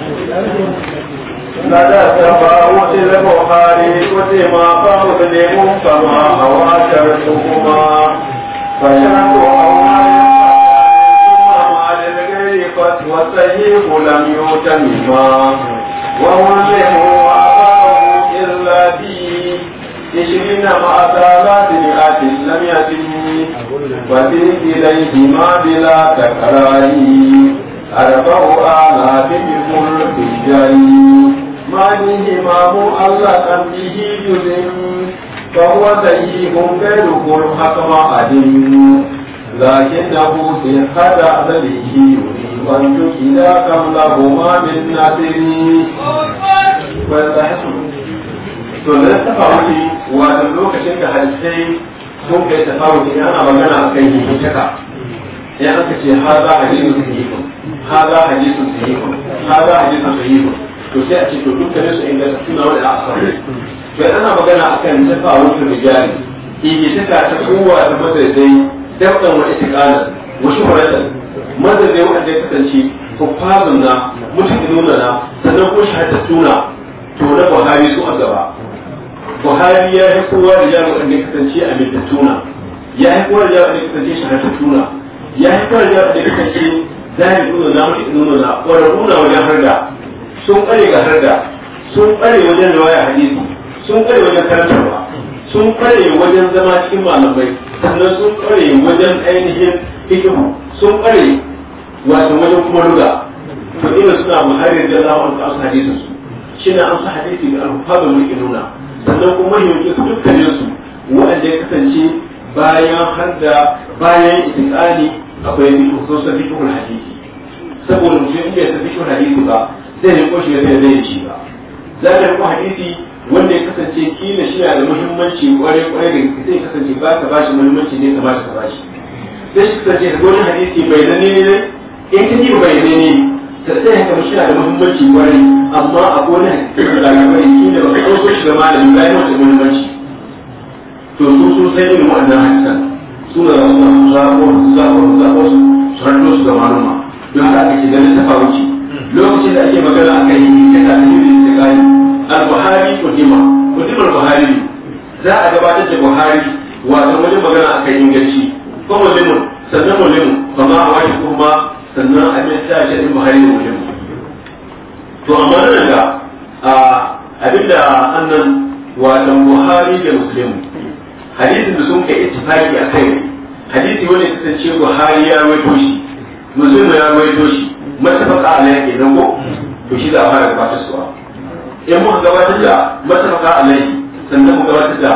S2: Thank you. لدى تفاوت المخالفة ما قول منكما أو عشرتهما فيحب أو مع للغير والسيف لم يتمما ومسلم وأقره إلا في عشرين مع ثلاث مئات لم يتم وفي إليهما بلا تكرار أربع آلاف بكل جيد ما نهما مؤلقا به جزء فهو سيئ غير حكم عدم لكنه صحة عدله يريد أن كم لهما من نذر to da ta faru ne wata lokacin da hadisai sun kai ta faru ne ana magana a kan yin shaka haza haza haza to sai a ce to dukkanin su inda suna wani asar to ana magana a akan tafa wasu rijali ike ta ta kowa da madadai dabdan wa itiqalan wa shuhratan madadai wanda ya kasance kuffazun na nuna na sannan ko shahadattuna to na Buhari su a gaba Buhari ya yi kowa da yaro wanda ya kasance a amintattuna ya yi kowa da yaro wanda ya kasance shahadattuna ya yi kowa da yaro wanda ya kasance zahiri nuna na nuna na ƙwararru na wajen harda sun kware ga harda sun kware wajen rawaya hadisi sun kware wajen karantarwa sun kware wajen zama cikin malamai sannan sun kware wajen ainihin hikimu sun kware wato wajen kuma ruga to ina suna muharir da a wanda amsa hadisin su shine amsa hadisi da alfafa mulki nuna sannan kuma yanke su dukkanin su wanda ya kasance bayan harda bayan itikali akwai fiqh sosai fiqh hadisi saboda mutum inda ya tafi shi hadisi ba zai riko shi zai zai ci ba za ta riko hadisi wanda ya kasance kila shi da muhimmanci kwarai kwarai da zai kasance ba ka bashi muhimmanci ne ka bashi ka bashi sai shi kasance ka gani hadisi bai zane ne in ka ji bai zane ne ta sai haka mu da muhimmanci kwarai amma a gona da labarai kila ba ka so shi ga malami bayan wata muhimmanci to su sun sai irin wannan hadisan su da su zaɓo su zaɓo su zaɓo su su hannu su ga malama don haka ake ganin ta faruci lokacin da ake magana a kai ne ta ne da kai al-buhari mutima al buhari za a gabatar da buhari wato wani magana a kai ingaci ko mulimin sannan mulimin ba ma a wani kuma sannan abin ta shi din buhari da mulimin to amma nan ga abinda annan wato buhari da muslimu hadisin da sun kai ittifaqi a kai hadisi wani kasance buhari ya rawaito shi muslimu ya rawaito shi matafaka alai ke nan ko to shi da fara gabatar suwa in muka gabatar da matafaka alai sannan mu gabatar da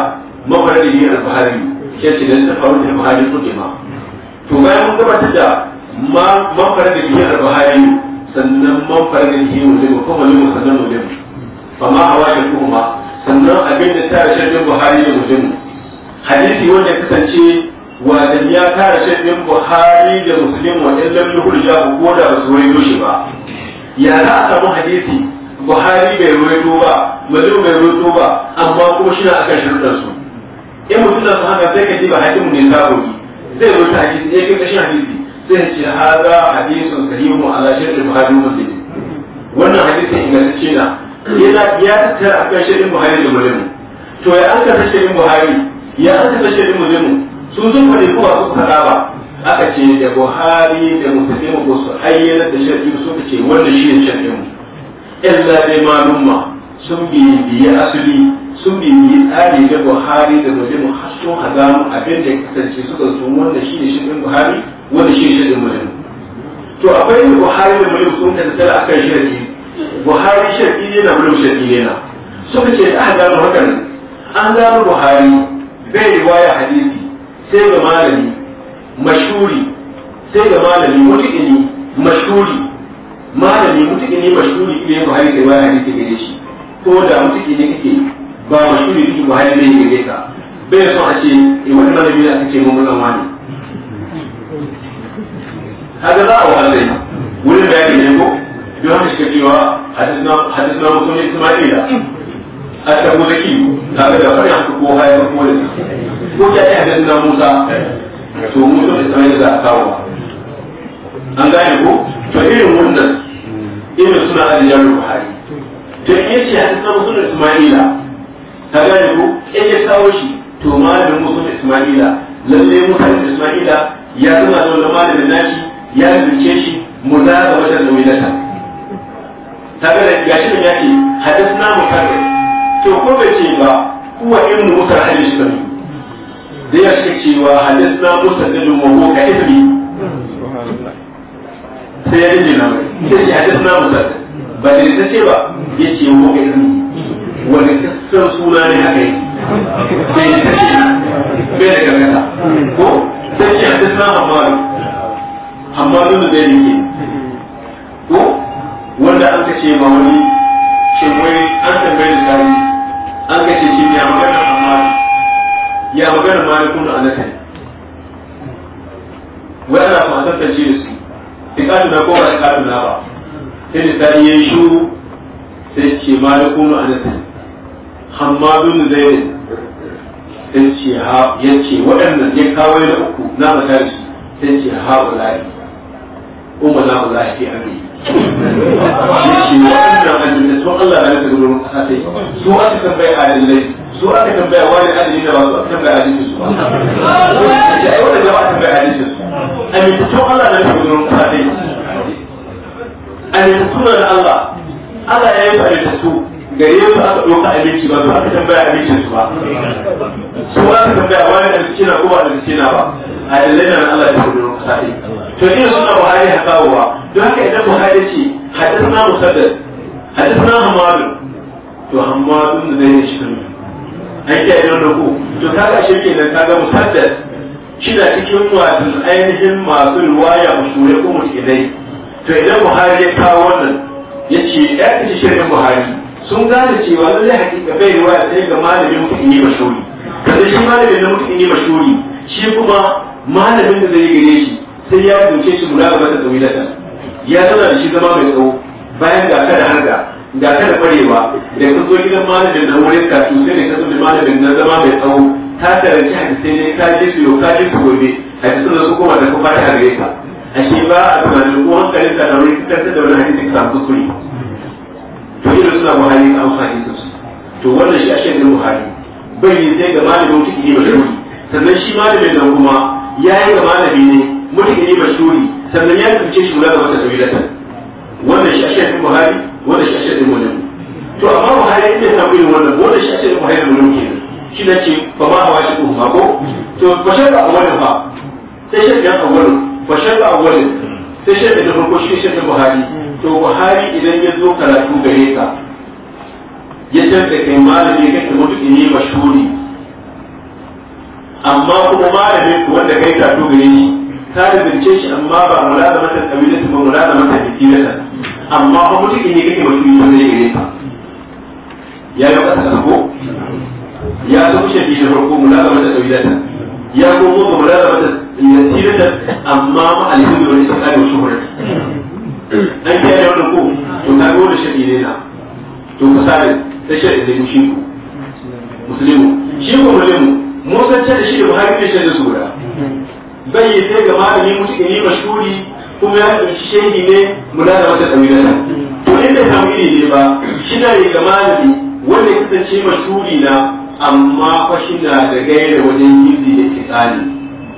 S2: mafarari ne alfahari shi ce da ta faru da alfahari suke ma to bayan mun gabatar da mafarari ne alfahari sannan mafarari ne wanda ko kuma ne sannan wanda amma a wajen kuma sannan abin da ta rashin Buhari ne mutum hadisi wanda kasance wajen ya tara shaidin buhari da muslim wajen lam yuhurja ko da ba su rawaito doshi ba ya za a samu hadisi buhari bai rawaito ba muslim bai rawaito ba amma kuma shi na aka sharuɗar su in mutum da su haka sai ka ji ba hakimu ne sabobi zai rawaito hadisi ya kai kashin hadisi sai ya ce haza hadisun sahihun ala shaidin buhari muslim wannan hadisi ingantacce na yana ya tattara akan shaidin buhari da muslim to ya an ka shaidin buhari ya an ka shaidin muslim su sun faɗi kuma su faɗa ba aka ce da buhari da musulmi ko su ayyana da su ka ce wanda shi ne sharɗin illa dai malumma sun bibiyi asali sun bibiyi tsari da buhari da musulmi har sun hazamu abin da ya kasance suka zo wanda shi ne sharɗin buhari wanda shi ne sharɗin musulmi to akwai da buhari da musulmi sun tattala akan sharɗi buhari sharɗi ne na musulmi sharɗi ne na suka ce da ah, aka gano hakan an gano buhari bai riwaya hadisi sai ga malami mashuri sai ga malami mutuƙini mashuri malami mutuƙini mashuri ba buhari sai baya ne gare shi ko da mutuƙini kake ba mashuri kake buhari ne gare ka bai so a ce eh wani malami da aka ce mun wani haka za a wahala yi wurin da ya ke ne ko don haka shi ka cewa hadisna mutum ila A ta kuma kiwo tare da farin ko hayan ko da ko ya yi hadin nan Musa to Musa da Isma'il da kawo an gane ko to irin wannan irin suna aliyar Buhari da yace hadin nan Musa da Isma'ila ta gane ko ya kawo shi to malamin Musa da Isma'ila lalle Musa da Isma'ila ya zama da wani malamin nashi ya rinke shi mu za ga wata zawilata ta ga da gashi ne ya ce hadis na mu kare to ko bai ce ba kuwa irin musa hadis ba da ya ce cewa hadis na musa da ko ka ibni sai ya yi na mai sai hadis na musa ba da ta ce ba ya ce mu ka ibni wani kasar suna ne haka yi sai ya ce bai da gargata ko sai ya hadis na hamadu hamadu nuna da yake ko wanda an ka ce ma wani shin wai an tambaye da tarihi an ka ce shi ya magana amma ya magana malikun da anaka wai ana fatan ta ce su tikatu na kowa tikatu na ba sai da ta yi shuru sai ce malikun da anaka hamadun zainin sai ce ha ya ce waɗannan ya kawo da uku na matashi sai ce ha ulai umma na ulai fi amri shi wa'anda su Allah na nufin gudun su aka tambaya adillai su aka tambaya wani adili da ba su tambaya adili su ba da ai jama'a tambaya adili su amintattun Allah na nufin gudun da Allah Allah ya yi su aka ɗauka abinci ba su aka tambaya abincin su ba su aka tambaya wani abinci na ko ba abinci na ba adalai na Allah da kudin kasai to ina sunna buhari ya kawo ba don haka idan buhari ce hadisna musaddad hadisna hamad to hamad da zai shi an kiyaye wannan ko to ga kaga shi kenan ga musaddad kina cikin wasan ainihin masu riwaya musulai ko musulai to idan buhari ya kawo wannan ya ce ya kace shirin buhari sun gane cewa lallai hakika bai riwaya sai ga malamin mutum ne mashuri Kada shi malamin na mutum ne mashuri shi kuma malamin da zai gare shi sai ya doke shi muna gaba da tsawilata ya tana da shi zama mai tsawo bayan ga da harga ga da kwarewa da ka zo gidan malamin da wurin ka to sai ka zo malamin na zama mai tsawo ka haka sai ne ka je su yau ka je su gobe hadisan da su kuma da kuma ta gare ka shi ba a tunanin ko hankalin ka da wani fitar da wani hadisi ka samu kuskure to irin suna muhalli ka amfani da su to wannan shi ashe da muhalli bai yi sai ga malamin kiki ne ba sannan shi malamin nan kuma ya yi ga malami ne mutum ne mashuri sannan ya tuce shi wula da wata kabilata wannan shi ɗin shafin buhari wannan shi ɗin shafin wani to amma buhari ya samu irin wannan wannan shi ɗin shafin buhari da wani kenan shi na ce ba ma hawa shi ko ma ko to bashar da awalin ba sai shafi yan awalin bashar da awalin sai shafi da farko shi shafin buhari to buhari idan ya zo karatu gare ka ya tabbata kai malami kake mutum ne mashuri amma kuma malamin wanda kai ta to gare shi ta rubuce shi amma ba mura da mata kabila ta mura da mata kabila amma fa mutum ne kake ba shi ne ne ne ya yi kasa ko ya zo shi bi da farko mura da mata kabila ta ya komo ga mura da mata kabila ta amma ma alhamdu lillahi sai kare shi mura an kiyaye wannan ko to ta go da shi ne na to misali sai shi da shi ko muslimu shi ko muslimu musan ce da shi da buhari bai shaida sura bai yi sai ga malami musulmi mashuri kuma ya ɗauki shehi ne muna da wata ɗauyana to inda ya iri ne ba shi na ga malami wanda ya kasance mashuri na amma fa shi na da gaira wajen gizi da tsani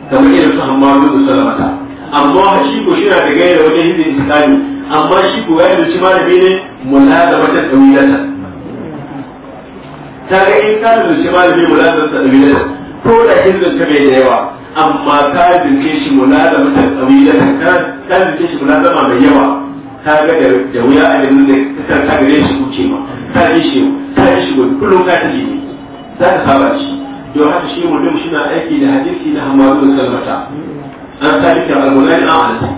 S2: kamar irin su hamma da salamata amma shi ko shi na da gaira wajen gizi da tsani amma shi ko ya ɗauki malami ne muna da wata ɗauyana ta ga in ka ɗauki malami mula da wata ɗauyana ko da irin ta bai da yawa amma ta dinke shi mulazama mutan tsawila ta dinke shi zama mai yawa ta ga da wuya a yanzu da kasar ta gare shi kuce ma ta yi shi ta yi shi gudu kullum ka ta ne za ka saba shi yau haka shi mutum shi na aiki da hadisi da hamadu da salmata an sa shi da almulani an alasi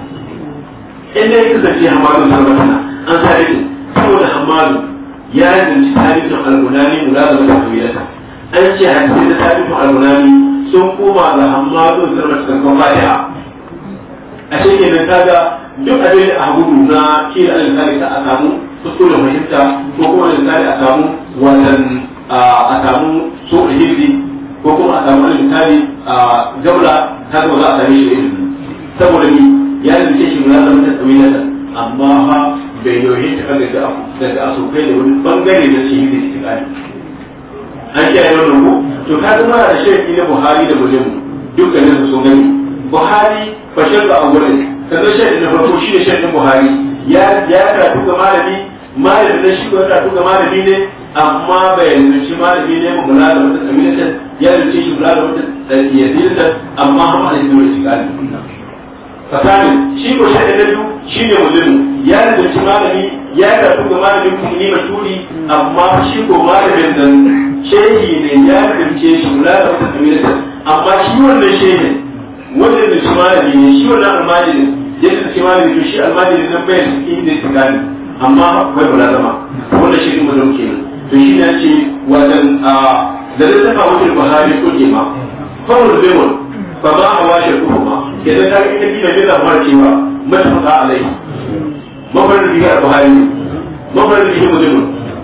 S2: in dai kasance hamadu da salmata an sa shi saboda hamadu ya yanzu tarihin almulani mulazama da tsawila an ce hadisi da tabi'u al-munami sun koma ga hammadu da sarrafa kan fatiha a shekin nan kaga duk abin da a na na da al-misali a samu kuskure fahimta ko kuma al-misali a samu wannan a samu so hirzi ko kuma a samu al-misali a gabla ta zama za a sami shi ilimi saboda ni ya rinke shi na zama ta tsawi nan amma ha bai yi ta kan da aka da kai da wani bangare da shi da cikin kai an kiyaye wannan ku to ka zama da shirki na buhari da muslim dukkanin su sun gani buhari bashir da awwalin sannan shirki na farko shi ne shirkin buhari ya ya karatu ga malami malami da shi ko karatu ga malami ne amma bai shi malami ne mu mula da wata ta ya yanzu shi mula da wata ta amma amma da shi ne ta. gani fasani shi ko shaɗa na biyu shi ne mulimu ya shi malami ya karatu ga malami kuma ni turi amma shi ko malamin nan shehi ne ya kirce shi kula da musulmi amma shi wannan shehi wanda da shi malami ne shi wannan almajiri ya da shi malami to shi ne nan bai cikin da tsakani amma bai kula zama wannan shehi mu zama kenan to shi ne ce wajen a da lissafa wajen buhari ko ke ma fawon fa ba a washe ku ma idan ta ga da bi da ba mutum ka alai mafarin rigar buhari mafarin rigar musulmi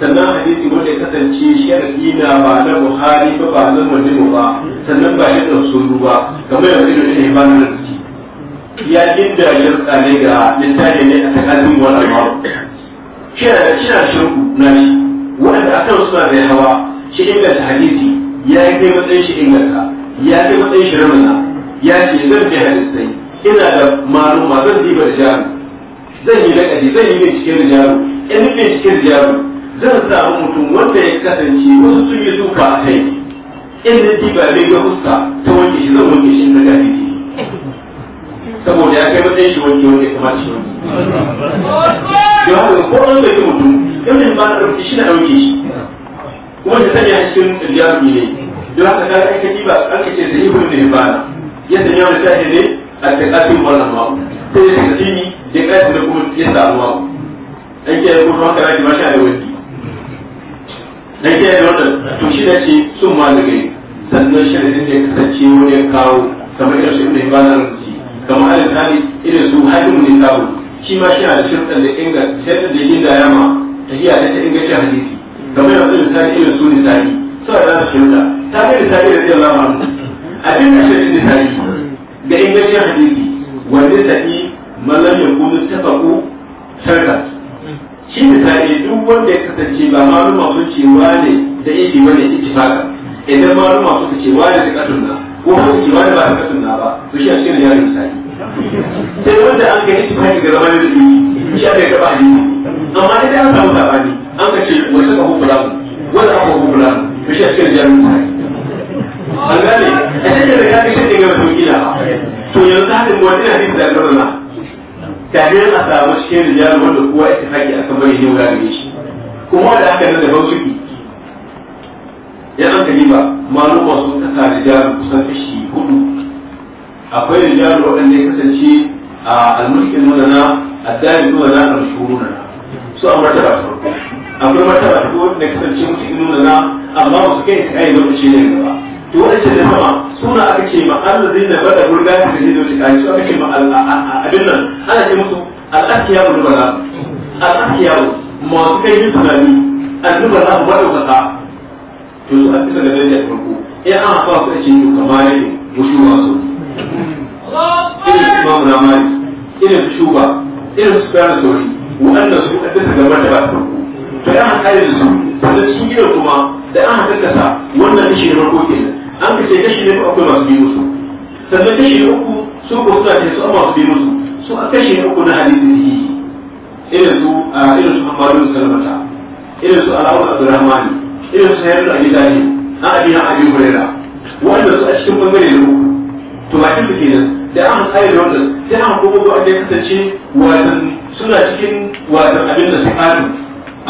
S2: sannan hadisi wanda ya kasance sharadi na ba na buhari ba ba na muslimu ba sannan ba yadda da sunu ba kamar yanzu irin shi ba na rubuci ya inda ya tsane ga littafi ne a tsakanin wannan ba shi na shirku na shi wanda akan suna da hawa shi inganta hadisi ya yi kai matsayin shi inganta ya kai matsayin shi ramana ya ce zan bi hadisai ina da maluma zan diba da jaru zan yi laƙadi zan yi binciken da jaru in binciken da jaru zan samu mutum wanda ya kasance wasu sun yi duka a kai in na ji ba zai ga fuska ta wanke shi zan wanke shi na gadi saboda ya kai matsayin shi wanke wanda ya kamata shi wanke don haka ko an bai mutum in ne ba na ɗauke shi na ɗauke shi kuma da sanya cikin riyabi ne don haka ka aika ji ba an kace da ibn ne ba na yadda ya wani tashi ne a takatin wannan ma sai da tsini da kai da kuma ya samu ma an kiyaye kuma haka na ji ma sha da wani na ke da wannan to shi da ce sun ma da gari sannan sharadin da ya kasance wani ya kawo kamar irin shi ne ba na rubuci kamar alin hali irin su hadimu ne kawo shi ma shi na da shirkan da inga shirkan da yin ma ta iya ta ingancin hadisi kamar yanzu misali irin su nisani sau da za su shirka ta kai nisani da zai lama abin da shirin nisani da ingancin hadisi wanda sa'i mallam ya kuma tafaku shirka shi misali duk wanda ya kasance ba maluma sun ce wane da ibi bane ittifaka idan maluma suka ce wane da kasar na ko ba su ce wane ba da kasar na ba su shi a cikin yare misali sai wanda an ga ittifaki ga zamanin da ibi shi a aka gaba ne amma idan an samu sabani an ka ce wata ka hukun lamu wata ka hukun lamu su shi a cikin yare misali an gane a cikin da ya fi shi ga mutum kila to yanzu hadin wani fi da na kafin a samu cikin rijal wanda kowa ya haƙi a kan ne wura da shi kuma da aka yi da ban suki ya an kalima maluma sun kasa rijal kusan kashi hudu akwai rijal waɗanda ya kasance a almulkin nuna addani nuna na al-shuru na su a martaba ta farko akwai martaba ta wanda kasance mutum nuna na amma ba kai ta kai lokaci ne gaba to wani ce da sama suna aka ce ma allazi na bada burga da zai zo shi kai su aka ce ma abin nan ana ce musu al'akiya mu nubala al'akiya mu masu kai yin tunani annubala mu bada kasa to su aka da daraja ta farko ya eh, an hafa su ake yi kamar ne mushu masu irin su mamu na mali irin su shuba irin su fara sauri waɗanda su aka ta gabar da ba ta farko to ya an kare su sannan su gidan kuma da an haɗa kasa wannan shi ne farko kenan an fi sai kashi ne akwai masu bi musu sannan kashi ne uku su ko suna ce su an masu bi musu su a kashi ne uku na hadisi yi. irin su a irin su Muhammadu bin Salmata irin su Alawul Abdurrahmani irin su Sayyid da Dali an abi na Abi hulera wanda su a cikin bangare na uku to bakin su kenan da an tsaye da wannan sai an kuma ga wanda ya kasance wajen suna cikin wajen abin da su kanu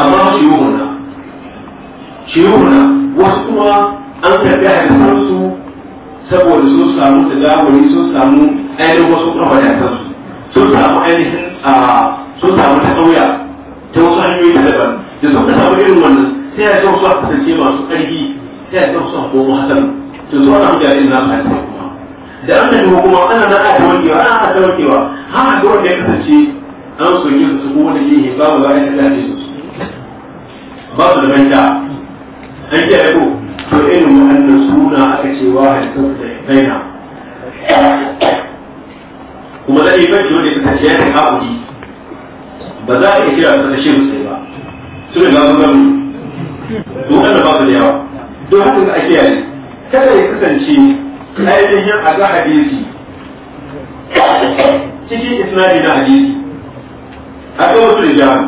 S2: amma su yi wuna shi wuna wasu kuma an karbi hadisan su saboda sun samu da tadawuri sun samu ainihin wasu kuma wadatar su sun samu ainihin sun samu ta ɗauya ta wasu hanyoyi da daban da suka samu irin wannan sai ya san su a kasance masu ƙarfi sai ya san su a komo hasan to su wani mutane na su hasan da an tafi kuma ana na aka wankewa ana aka wankewa har a ga wanda ya kasance an soke su su wani jihi babu ba ya tafi su babu da manta an kiyaye ko to irin wannan suna aka ce wa da baina kuma da ibanci wanda ce haƙuri ba za a iya kira su da shehu sai ba su ne babu gamu dokar da babu da yawa don haka ake yi kada ya kasance ainihin a ga hadisi cikin isnadi na hadisi a kan wasu rijalu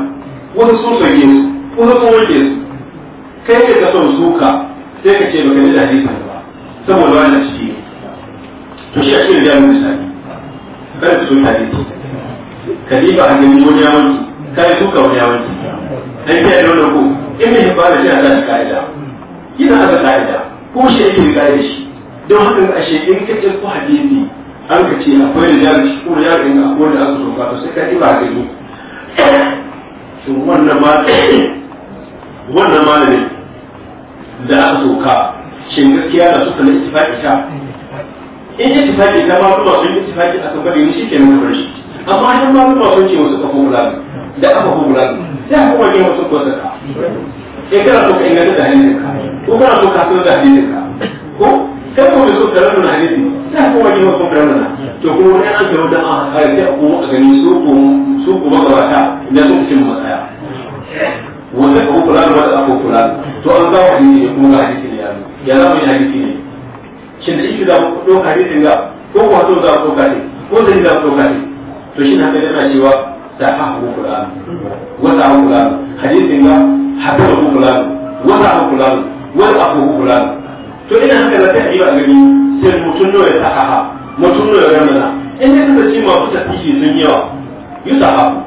S2: wasu sun soke su wasu sun wanke su kai ne ka son suka sai ka ce baka ji da hadisin ba saboda wannan ciki to shi ake da mun sani kar ku ta hadisi kadiba a cikin duniya wani kai duka wani wani dan ke da wannan ko in ne ba da shi a kan kaida yana da kaida ko shi yake da kaida shi don haka a shi in kace ko hadisi an ka ce akwai da jari ko ya ga ina ko da aka roka to sai ka diba ga ni to wannan ma wannan ma ne da aka soka shin gaskiya da suka na ittifaqi ta in ittifaqi da ba kuma sun ittifaqi aka bari ni shike mun kuri amma idan ba kuma sun ce wasu kafu gulan da aka kafu gulan sai aka wani wasu ko saka in eh, kana so ka inganta da hadisin ka ko kana so ka so da hadisin ka ko kai ko so ka rana hadisi sai aka wani wasu ko rana to kuma wani an karo da an haka sai ko aka gani su ko su ko magabata idan sun cin matsaya wanda ko Qur'an wanda ko Qur'an to an ga hadisi ne kuma hadisi ne ya zama ya hadisi ne shin da shi da ko hadisin ga ko ko to za ko kare ko da za ko kare to shin haka yana cewa sahahu Qur'an wa sahahu Qur'an hadisin ga hafizahu Qur'an wa sahahu Qur'an wa sahahu Qur'an to ina haka da ta yi ba gani sai mutum ne ya sahaha mutum ne ya ramana in ka kasance masu tafiye sun yawa Yusa yusahabu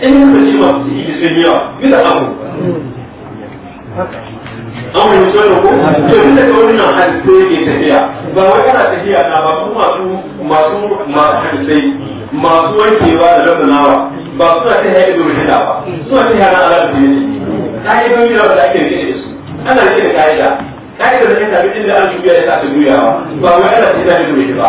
S2: in ka ci masu yi sun yawa bisa abu an wani tsoro ko to duk da kawai nan hadisai ke tafiya ba wai kana tafiya na ba kuma masu masu masu hadisai masu wankewa da lambanawa ba suna ta haya ido shida ba suna ta haya na ala da biyu ka'idoji da ake rike da su ana rike da ka'ida ka'ida da ta tafi inda an shubiya ya ta juyawa ba wai ana ta haya ba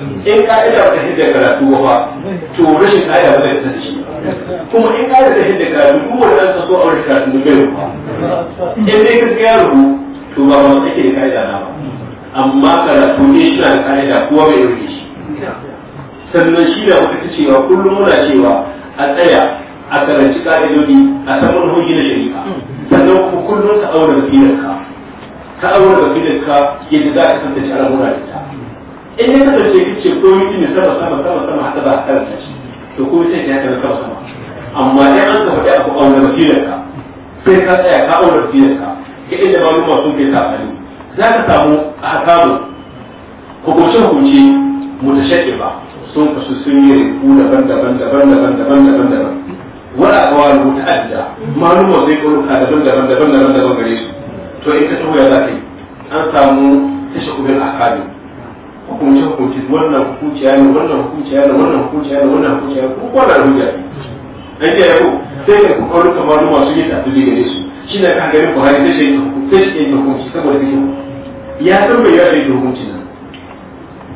S2: in ka'ida ta hidda karatu ba to rashin ka'ida ba zai ta shi kuma in ka'ida ta hidda karatu duk wanda zan so a wani karatu da bai ba in dai gaskiya rubu to ba ba take da ka'ida na ba amma karatu ne shi na da ka'ida kowa bai rufe shi sannan shi da muka ta cewa kullum muna cewa a tsaya a karanci ka'idodi a san manhoji na shari'a sannan kuma kullum ka aure basirar ka ka aure basirar ka yadda za ka tantance al'amura da ta in ya kasance kace ko miki ne sama sama sama sama haka ba ka rasa shi to ko sai ya kana sama sama amma idan an ka faɗi abu aure wakilar ka sai ka tsaya ka aure wakilar ka ke inda maluma sun kai sabani za ka samu a samu mu ta mutashaƙi ba sun kasu sun yi rinku daban daban daban daban daban daban daban wala kawai muta'adda maluma zai ƙoruka daban daban daban daban daban gare su to in ka taho ya za ka yi an samu tashakubil akabi hukunce hukunce wannan hukunci ya ne wannan hukunci ya ne wannan hukunci ya ne wannan hukunci ya ne kuma na hujja ne dan ya ko sai da kokarin kamar masu yin abdulli gare su shi da kan garin Buhari sai shi sai shi yake hukunci saboda kike ya san bai ya yi hukunci nan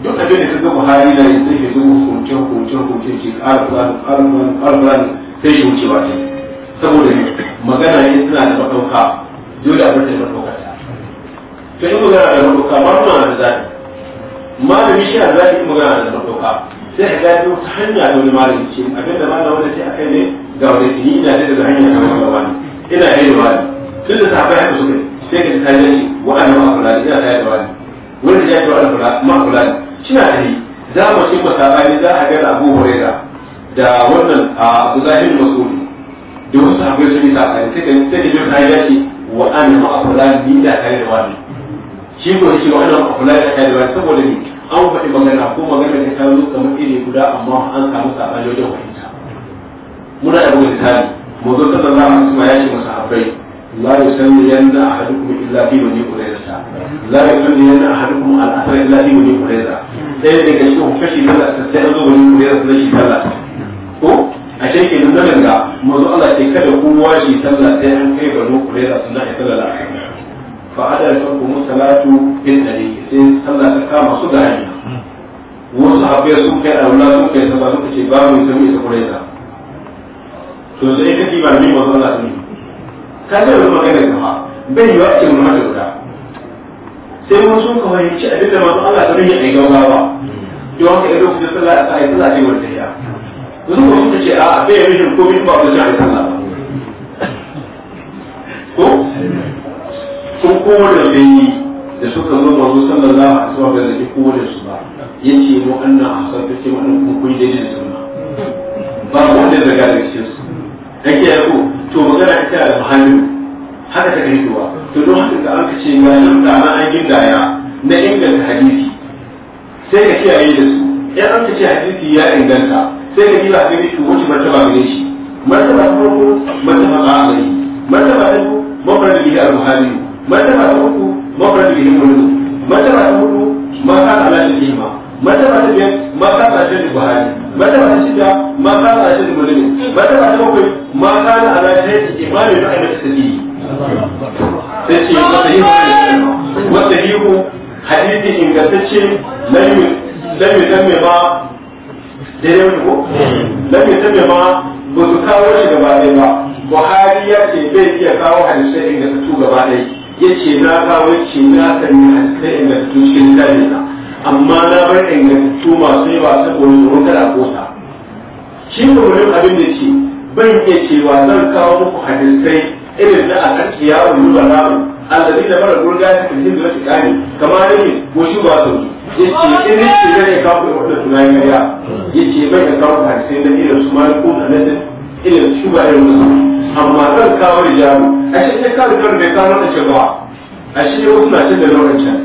S2: duk abin da kaga Buhari na yi sai shi zuwa hukunce hukunce hukunce shi alquran alquran alquran sai shi wuce ba ta saboda magana ne suna da madauka dole abin da madauka ta to in magana da madauka ba mu da zabi malami shi na za ki magana da madoka sai a gaji wata hanya da wani malami ce abin da malami wanda ce a kai ne ga wani tuni ina da daga hanya kamar gaba ne ina kai da wani tun da sahabai haka suka sai ka ji kayan ce wa'annan ma kula ina kai da wani wanda ya ce wa'annan kula ma kula shi na ta yi za mu ci masabani za a gada abu huraira da wannan a zahirin masudi da wasu sahabbai sun yi sakani sai da sai da jin kayan da ce wa an ma akula ni da kai da wani shi ko shi wa an ma akula da kai da wani saboda ni an faɗi magana ko magana ta ta zo kamar iri guda amma an samu saɓani wajen wahinta muna da wani tari mazo ta zama a kuma ya ce masa habai la a haɗu kuma illa fi wajhi qurayza la yusalli a haɗu kuma asr illa fi wajhi qurayza sai daga cikin kashi na da sai an zo wajhi qurayza sai shi sallah ko a shi ke nuna ga mazo Allah ce kada kowa shi sallah sai an kai banu qurayza suna ya sallah fa ada yakum salatu bin dari sai sallah ta kama su da hanya wasu habbai sun kai aula sun kai sama suka ce babu ita mai sakurai ta sai ka ba ni ka bai yi ce guda sai mun sun ka a abin da manzo Allah ta rage ai gaugawa to haka idan ku sallah ta ai ce wanda ya wasu ko suka ce a bai yi ko komai ba ku ji ai ko sun kowane bayi da suka zo manzo za a wasallam ga zaki kowane su ba ce mu annan hasan take mu annan kun koyi daidai da sunna ba wanda zaga da cikin su dake ya to magana ta da muhallin haka ta kai to don haka da aka ce ga nan da an ya na inganta hadisi sai ka kiyaye da su in an ce hadisi ya inganta sai ka diba gani shi wuce martaba gare shi martaba ta farko martaba ba a gari martaba ta biyu mafarar da al-buhari martaba ta uku mafrad bi mulku martaba ta hudu ma ka ala al-ihma martaba ta biyar ma ka ala al-buhari martaba ta shida ma ka ala al-mulki martaba ta bakwai ma ka ala al-imam bi ma'ana sirri sai ce wata yi hadisi ingantacce lam yusammi ma daidai wani ko lam yusammi ma ba su ba buhari ya ce bai iya kawo hadisai tu gaba ɗaya ya ce na kawo ce na sanya haske ingantattu cikin dalila amma na bar ingantattu masu yawa saboda tsoron da kosa shi ne abin da ce ban iya cewa zan kawo muku hadisai irin na akan kiyawun nuna namu alladhi da mara gurga ta cikin da shiga ne kamar ne ko shi ba su yace in ne ke ne ka ku da tunani ya yace bai da kawo hadisai da irin su maliku da nasin ilimin shuba irin musu amma zan kawo rijalu a shi sai ka rigar bai kawo da cewa a shi wasu na cin da lokacin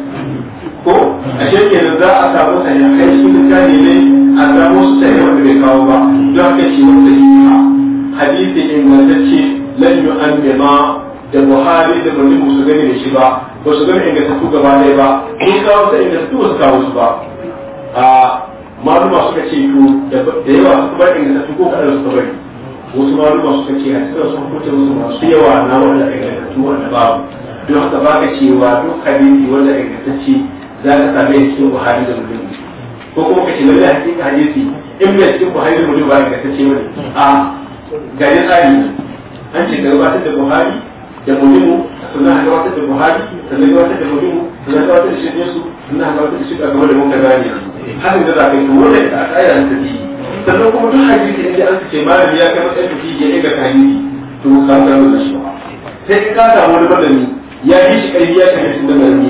S2: ko a shi kenan za a samu sahihai su mutane ne a samu su sahihai wanda bai kawo ba don haka shi wanda shi ha hadisi ingantacce lan yu'ammima da buhari da muslim su gani da shi ba ba su gani ingantattu gaba ɗaya ba in kawo ta su ba su kawo su ba a maluma suka ce to da yawa suka bar su ko kaɗan suka bari wasu maluma su ce a cikin sun kuce wasu masu yawa na wanda ingantattu wanda babu don haka ba ka cewa duk hadisi wanda ingantacce za ka same shi cikin buhari da muslim ko kuma ka ce lallai hakika hadisi in bai cikin buhari da muslim ba ingantacce ba ne a gari tsari an ce gabatar da buhari da mulimu sannan a gabatar da buhari sannan gabatar da mulimu sannan gabatar da shirin su sannan gabatar da shirin a gaba da mun ka gane haka da za ka yi to wannan da aka ayyana ta sannan kuma duk hadisi inda an ce malami ya kai matsayin tafi ya ɗaga hadisi to ka samu da shi sai ka samu wani malami ya yi shi ƙarfi ya kai hadisi da malami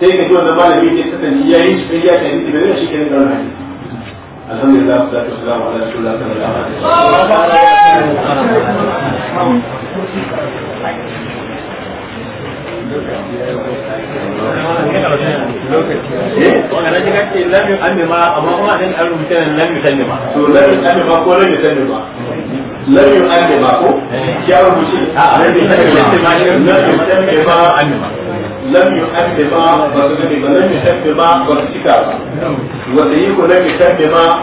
S2: sai ka ji wannan malami ya kasance ya yi shi ƙarfi ya kai hadisi da shi kai da hadisi alhamdulillah salatu wassalamu ala rasulillah sallallahu alaihi
S1: wasallam
S2: lam yu annima ko ya rubuce a lam yu annima lam yu annima annima lam yu annima ba su gani ba lam yu annima ba su cika ba wa sayyiku lam yu annima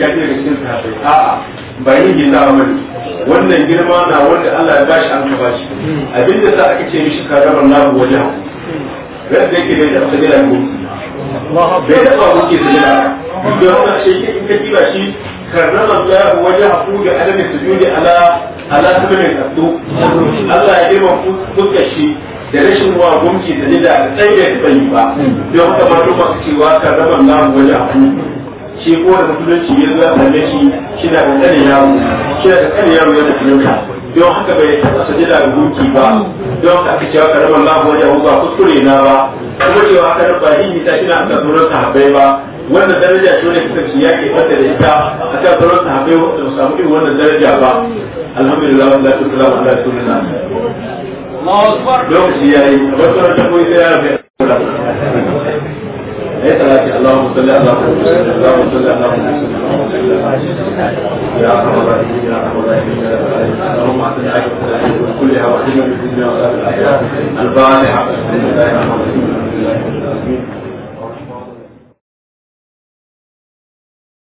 S2: ya ce daga cikin sahabbai a'a ba yin girma ba wannan girma na wanda Allah ya bashi an ka bashi abinda sa aka ce mishi karamar nahu wajen ran da yake da ta gida ko bai da ba muke da gida don wannan shi ke in ka diba shi karamar nahu wajen ku da alamin sujudi ala ala sabbin abdu Allah ya girma ku duka shi da rashin wa gumki da gida da tsaye da bai ba don haka ma duk masu cewa karamar nahu wajen shi ko da musulunci ya zo kalle shi shi da kankane yaro shi da kankane yaro ya tafi yau don haka bai taɓa sajada da gunki ba don haka aka cewa karamar lahu wajen ba kuskure na ba kuma cewa haka nan ba ni ta shi na aka tsoron sahabbai ba wannan daraja ce wanda kasance ya ke fata da ita a kan tsoron sahabbai wanda ba samu irin wannan daraja ba alhamdulillah wanda ta tsala wanda ta tsala lokaci ya yi a wasu ranar tabboi sai ya rafe ايه ثلاثة اللهم صل على محمد اللهم صل على محمد يا ارحم الراحمين يا ارحم الراحمين
S1: اللهم اعطنا عافية كلها وحكمة في الدنيا والاخرة الفاتحة بسم الله الرحمن الرحيم